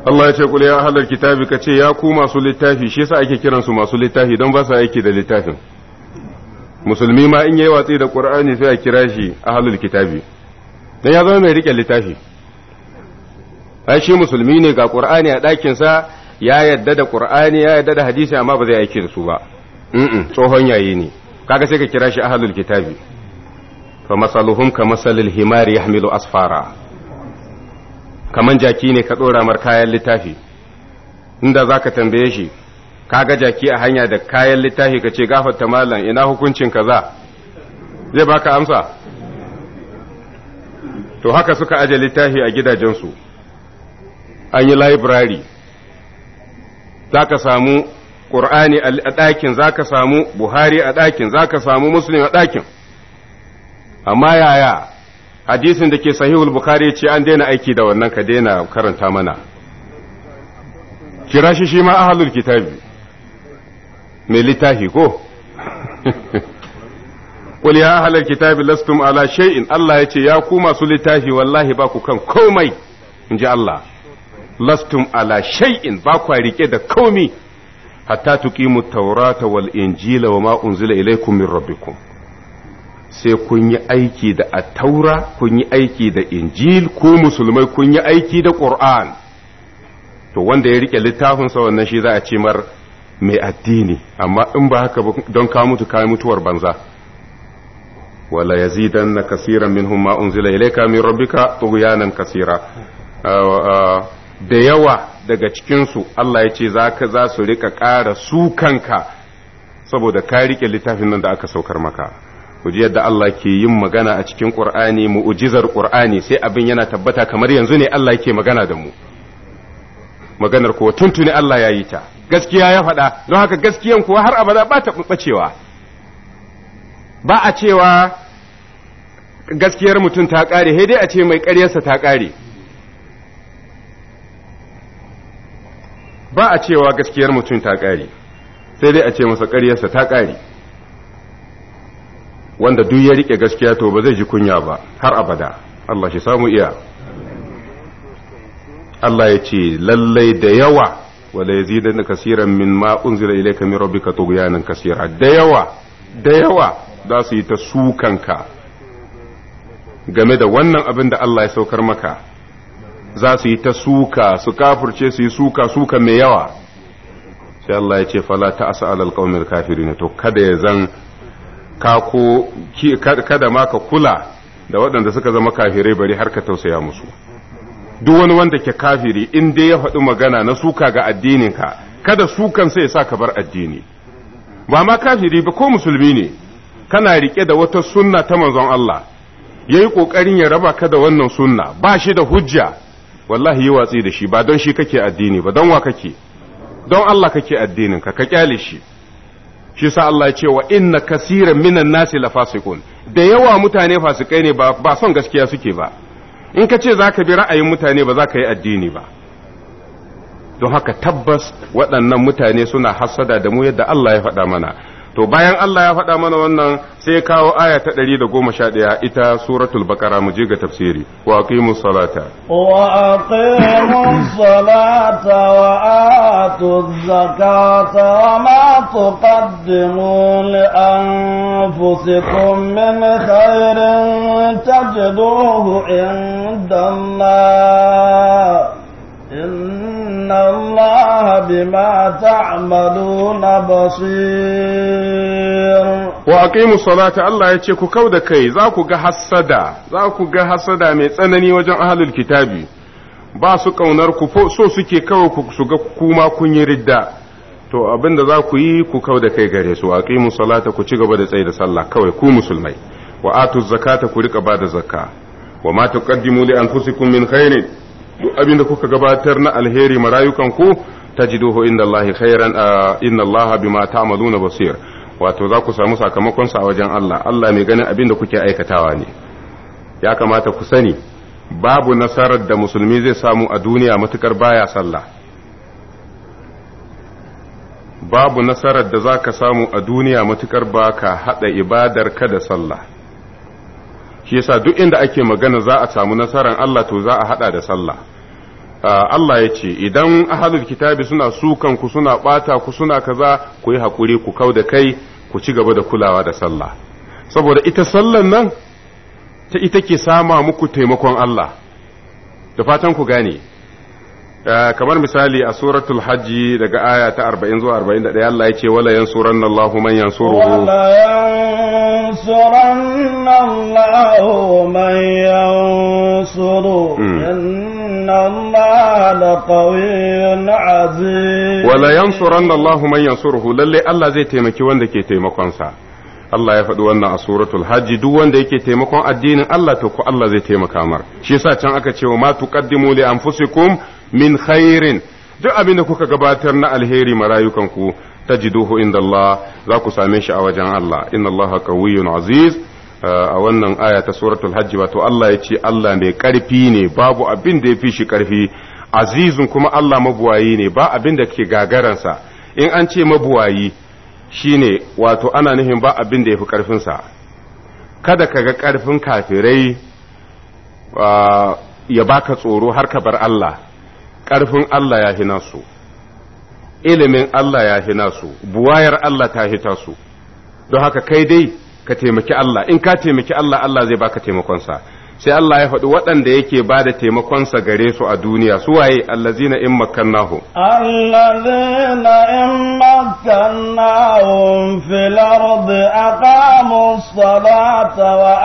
Allah ya ce kul ya halar kitabi kace ya ku masu littafi shi yasa ake kiransu masu littafi don ba su aiki da littafin musulmi ma in yayi watsi da qur'ani sai a kira shi ahlul kitabi dan ya zama mai rike littafi ai shi musulmi ne ga qur'ani a dakin sa ya yadda da qur'ani ya yadda da hadisi amma ba zai aiki da su ba mm tsohon yayi ne kaga sai ka kira shi ahlul kitabi fa masaluhum ka masalil himari yahmilu asfara kaman jaki ne ka ɗora mar kayan littafi inda za ka tambaye shi ka ga jaki a hanya da kayan littafi ka ce gafarta malam ina hukuncin kaza zai baka amsa to haka suka aje littafi a gidajensu an yi library za ka samu ƙur'ani a ɗakin za ka samu buhari a ɗakin za ka samu muslim a ɗakin amma yaya hadisin da ke sahihul bukhari ce an daina aiki da wannan ka daina karanta mana kira shi shi ma ahalul kitabi mai littafi ko Qul ya ahlal kitabi lastum ala shay'in Allah ya ce ya ku masu littafi wallahi ba ku kan komai In ji Allah lastum ala shay'in ba ku rike da komi hatta tuqimu taurata wal injila wa ma unzila ilaykum min rabbikum sai kun yi aiki da attaura kun yi aiki da injil ko musulmai kun yi aiki da qur'an to wanda ya rike littafin sa wannan shi za a ce mar mai addini amma in ba haka don ka mutu ka mutuwar banza wala na kaseeran minhum ma unzila ilayka min rabbika tughyanan kasira da yawa daga cikinsu Allah ya ce za su rika ƙara su kanka saboda ka rike littafin nan da aka saukar maka ku ji yadda Allah ke yin magana a cikin Qur'ani mu'jizar Qur'ani sai abin yana tabbata kamar yanzu ne Allah yake magana da mu maganar kuwa tuntuni Allah ya yi ta gaskiya ya faɗa don haka gaskiyan kuwa har abada ba ta bacewa ba a cewa gaskiyar mutum ta ƙare sai dai a ce mai ƙaryarsa ta ƙare ba a cewa gaskiyar mutum ta ƙare sai dai a ce masa ƙaryarsa ta ƙare wanda duk ya rike gaskiya to ba zai ji kunya ba har abada Allah shi samu iya Allah ya ce lallai da yawa wala yazidanna kaseeran min ma unzila ilayka min rabbika tughyanan kaseera da yawa da yawa za su yi ta sukanka game da wannan abin da Allah ya saukar maka za su yi ta suka su kafurce su yi suka suka mai yawa sai Allah ya ce fala ta'asa alal qaumil kafirin to kada ya zan ka ko kada ma ka kula da waɗanda suka zama kafirai bari har ka tausaya musu duk wani wanda ke kafiri in dai ya faɗi magana na suka ga addininka kada sukan sai ya sa ka bar addini ba ma kafiri ba ko musulmi ne kana rike da wata sunna ta manzon Allah yayi kokarin ya raba ka da wannan sunna ba shi da hujja wallahi yi watsi da shi ba don shi kake addini ba don wa kake don Allah kake addinin ka ka kyale shi shi sa Allah ya ce wa inna kasiran minan nasi la fasikun da yawa mutane fasikai ne ba son gaskiya suke ba in ka ce za bi ra'ayin mutane ba za ka yi addini ba don haka tabbas waɗannan mutane suna hassada da mu yadda Allah ya faɗa mana to bayan Allah ya faɗa mana wannan sai kawo aya ta ɗari da goma sha ɗaya ita suratul bakara mu je ga tafsiri wa aqimu salata wa aqimu salata wa atu zakata wa ma tuqaddimu li anfusikum min khairin tajiduhu inda Allah inna Allah الله بما تعملون بصير وأقيموا الصلاة الله يتشكو كودا كي ذاكو حسدا ذاكو حسدا ميتسنني وجن أهل الكتاب ba su kaunar ku so suke kawai ku su ga kuma kun yi ridda to abin da za ku yi ku kau da kai gare su aqimu salata ku ci gaba da tsaye da sallah kawai ku musulmai wa atu zakata ku rika bada zakka wa ma tuqaddimu li anfusikum min khairin duk abin da kuka gabatar na alheri marayukan ku tajiduhu inda Allah khairan inna Allah bima ta'maluna basir wato za ku samu sakamakon sa a wajen Allah Allah mai ganin abin da kuke aikatawa ne ya kamata ku sani babu nasarar da musulmi zai samu a duniya matukar baya sallah babu nasarar da za ka samu a duniya matukar ba ka haɗa ibadarka da sallah shi yasa duk inda ake magana za a samu nasarar Allah to za a haɗa da sallah Ah, Allah ya ce idan ahalul kitabi suna sukan ku suna bata ku suna kaza ku yi hakuri ku kau da kai ku ci gaba da kulawa da sallah saboda ita sallan nan ta ita ke sama muku taimakon Allah da fatan ku gane ah, kamar misali a suratul hajji daga aya ta 40 zuwa 41 Allah ya ce wala yansuranna Allahu man yansuruhu wala Allahu man yansuruhu hmm. إن الله لقوي عزيز ولا ينصرن الله من ينصره للي الله زي تيمكي وان دكي تيمكونسا Allah ya faɗi wannan a suratul hajji duk wanda yake taimakon addinin Allah to ko Allah zai taimaka mar shi yasa can aka ce wa ma tuqaddimu li anfusikum min khairin duk abin da kuka gabatar na alheri marayukanku ta tajiduhu inda Allah za ku same shi a wajen Allah inna Allah qawiyyun aziz a wannan aya ta suratul hajji wato Allah ya ce Allah mai karfi ne babu abin da ya fi shi ƙarfi azizun kuma Allah mabuwayi ne ba abin da ke gagaransa in an ce mabuwayi shine wato ana nufin ba abin da ya fi ƙarfinsa kada ka ga ƙarfin kafirai ya baka tsoro har ka bar Allah karfin Allah ya hina su ilimin Allah ya hina su buwayar Allah ta hita su don haka kai dai ka taimaki Allah in ka taimaki Allah Allah zai baka taimakonsa sai Allah ya faɗi waɗanda yake ba da taimakonsa gare su a duniya su waye allazina in makkannahu allazina in makkannahum fil ardi aqamu ssalata wa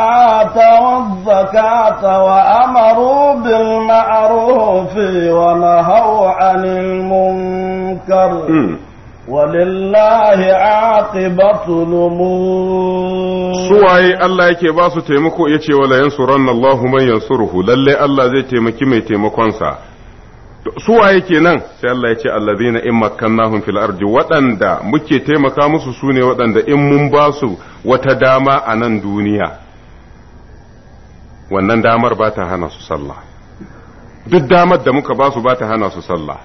atawu zakata wa amaru bil ma'ruf wa nahaw 'anil munkar hmm. walillahi aqibatu lumur suwaye Allah yake basu taimako yace wala yansuranna Allahu man yansuruhu lalle Allah zai taimaki mai taimakonsa. sa suwaye kenan sai Allah yace allazina in makkannahum fil ardi waɗanda muke taimaka musu sune waɗanda in mun ba su wata dama a nan duniya wannan damar ba ta hana su sallah duk damar da muka ba su ba ta hana su sallah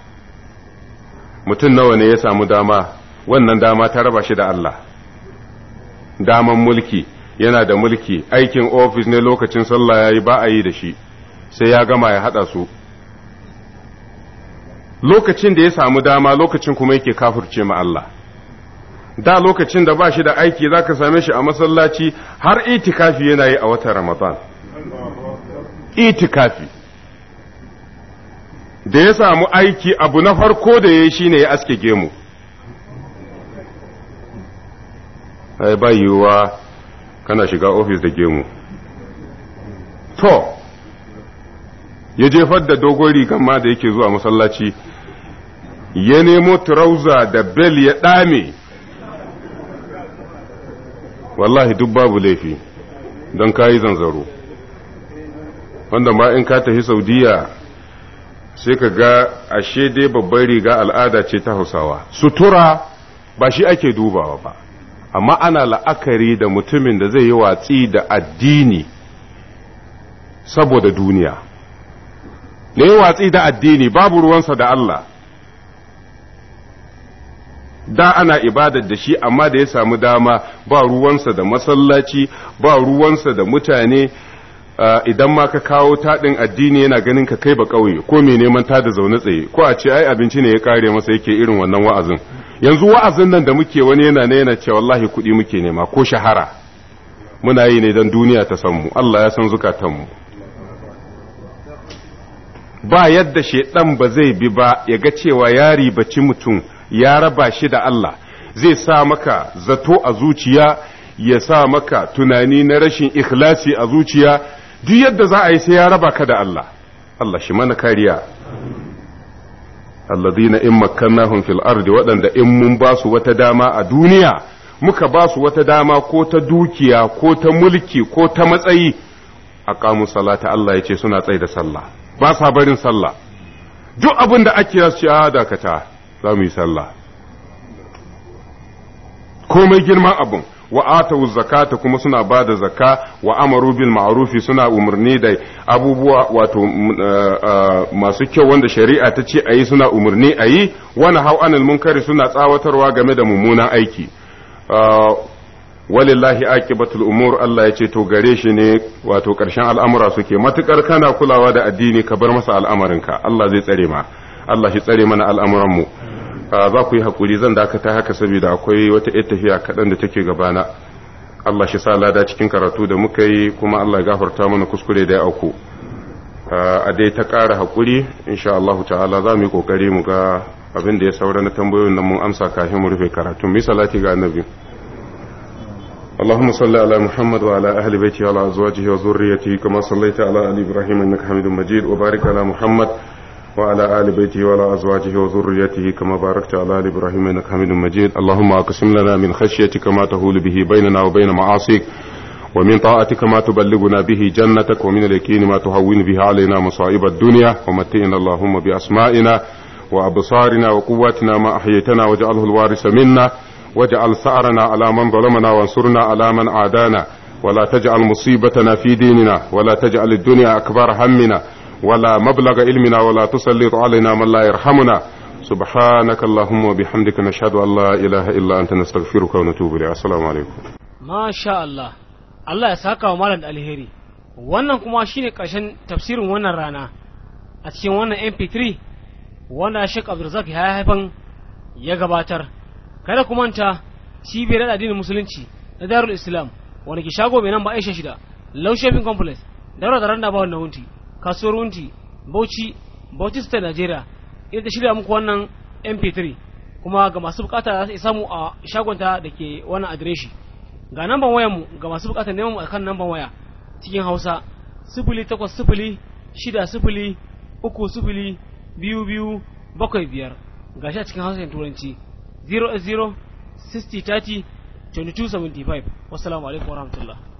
mutum nawa ne ya samu dama wannan dama ta raba shi da Allah daman mulki yana da mulki aikin ofis ne lokacin sallah yayi ba a yi da shi sai ya gama ya haɗa su lokacin da ya samu dama lokacin kuma yake kafurce ma Allah da lokacin da ba shi da aiki za ka same shi a masallaci har itikafi yana yi a watan ramadan itikafi da ya samu aiki abu na farko da ya yi ne ya aske gemu ai ba yiwuwa kana shiga ofis da gemu to ya jefar da dogon rigar ma da yake zuwa masallaci ya nemo turauza da bel ya ɗame wallahi duk babu laifi don kayi zanzaro wanda ma in ka tafi saudiya sai ka ga ashe dai babban riga al'ada ce ta hausawa sutura ba shi ake dubawa ba amma ana la'akari da mutumin da zai yi watsi da addini saboda duniya da yi watsi da addini babu ruwansa da Allah da ana ibadar da shi amma da ya samu dama ba ruwansa da masallaci ba ruwansa da mutane idan ma ka kawo taɗin addini yana ganin ka kai ba ƙauye ko mai neman ta da zaune tsaye ko a ce ai abinci ne ya kare masa yake irin wannan wa'azin yanzu wa'azin nan da muke wani yana ne yana ce wallahi kuɗi muke nema ko shahara muna yi ne don duniya ta san mu Allah ya san zukatan mu. ba yadda shedan ba zai bi ba ya ga cewa yari baci mutum ya raba shi da Allah zai sa maka zato a zuciya ya sa maka tunani na rashin ikhlasi a zuciya duk yadda za a yi sai ya raba ka da Allah Allah shi mana kariya alladhina in makkannahum fil ardi waɗanda in mun ba su wata dama a duniya muka ba su wata dama ko ta dukiya ko ta mulki ko ta matsayi aqamu salata Allah yace suna tsaye da sallah ba sa barin sallah duk abin da ake yasu a ah, dakata za mu yi sallah komai girman abin wa atawu zakata kuma suna ba da zakka wa amaru bil ma'rufi suna umarni da abubuwa wato mm, eh, eh, masu kyau wanda shari'a ta ce ayi suna umarni ayi wa nahau anil munkari suna tsawatarwa game da mummunan aiki eh, walillahi aqibatul umur Allah yace to gare shi ne wato ƙarshen al'amura suke matukar kana kulawa da addini ka bar masa al'amarinka Allah zai tsare ma Allah shi tsare mana al'amuran mu za ku yi hakuri zan dakata haka saboda akwai wata ita tafiya kaɗan da take gabana Allah shi sa lada cikin karatu da muka yi kuma Allah ya gafarta mana kuskure da ya auku a dai ta ƙara hakuri insha Allah ta'ala za mu yi kokari mu ga abin da ya saura na tambayoyin nan mun amsa kafin mu rufe karatu mu salati ga annabi اللهم صل على محمد وعلى أهل بيته وعلى أزواجه وذريته كما صليت على آل إبراهيم إنك حميد مجيد وبارك على محمد وعلى آل بيته وعلى أزواجه وذريته كما باركت على آل إبراهيم إنك حميد مجيد اللهم أقسم لنا من خشيتك ما تهول به بيننا وبين معاصيك ومن طاعتك ما تبلغنا به جنتك ومن اليقين ما تهون به علينا مصائب الدنيا ومتئنا اللهم بأسمائنا وأبصارنا وقواتنا ما أحييتنا واجعله الوارث منا واجعل ثأرنا على من ظلمنا وانصرنا على من عادانا ولا تجعل مصيبتنا في ديننا ولا تجعل الدنيا أكبر همنا ولا مبلغ علمنا ولا تسلط علينا من لا يرحمنا سبحانك اللهم وبحمدك نشهد أن لا إله إلا أنت نستغفرك ونتوب إليك السلام عليكم ما شاء الله الله يساك ومالا الهيري wannan kuma shine ƙarshen tafsirin wannan rana a cikin wannan mp3 wanda Sheikh Abdulrazak ya haifan ya gabatar kada ku manta cibiyar addinin musulunci na Darul Islam wani ke shago mai nan ba Aisha shida low Laushefin Complex daura da randa ba wannan wunti kasuwar wunti bauchi bauchi state nigeria ita shirya muku wannan mp3 kuma ga masu bukata za su samu a shagonta da ke wannan adireshi ga namban wayanmu ga masu bukata neman a kan namban waya cikin hausa sifili takwas shida uku biyu biyu bakwai biyar ga shi a cikin hausa turanci 0 0 60 30 22 75 wasu alaikum warahmatullahi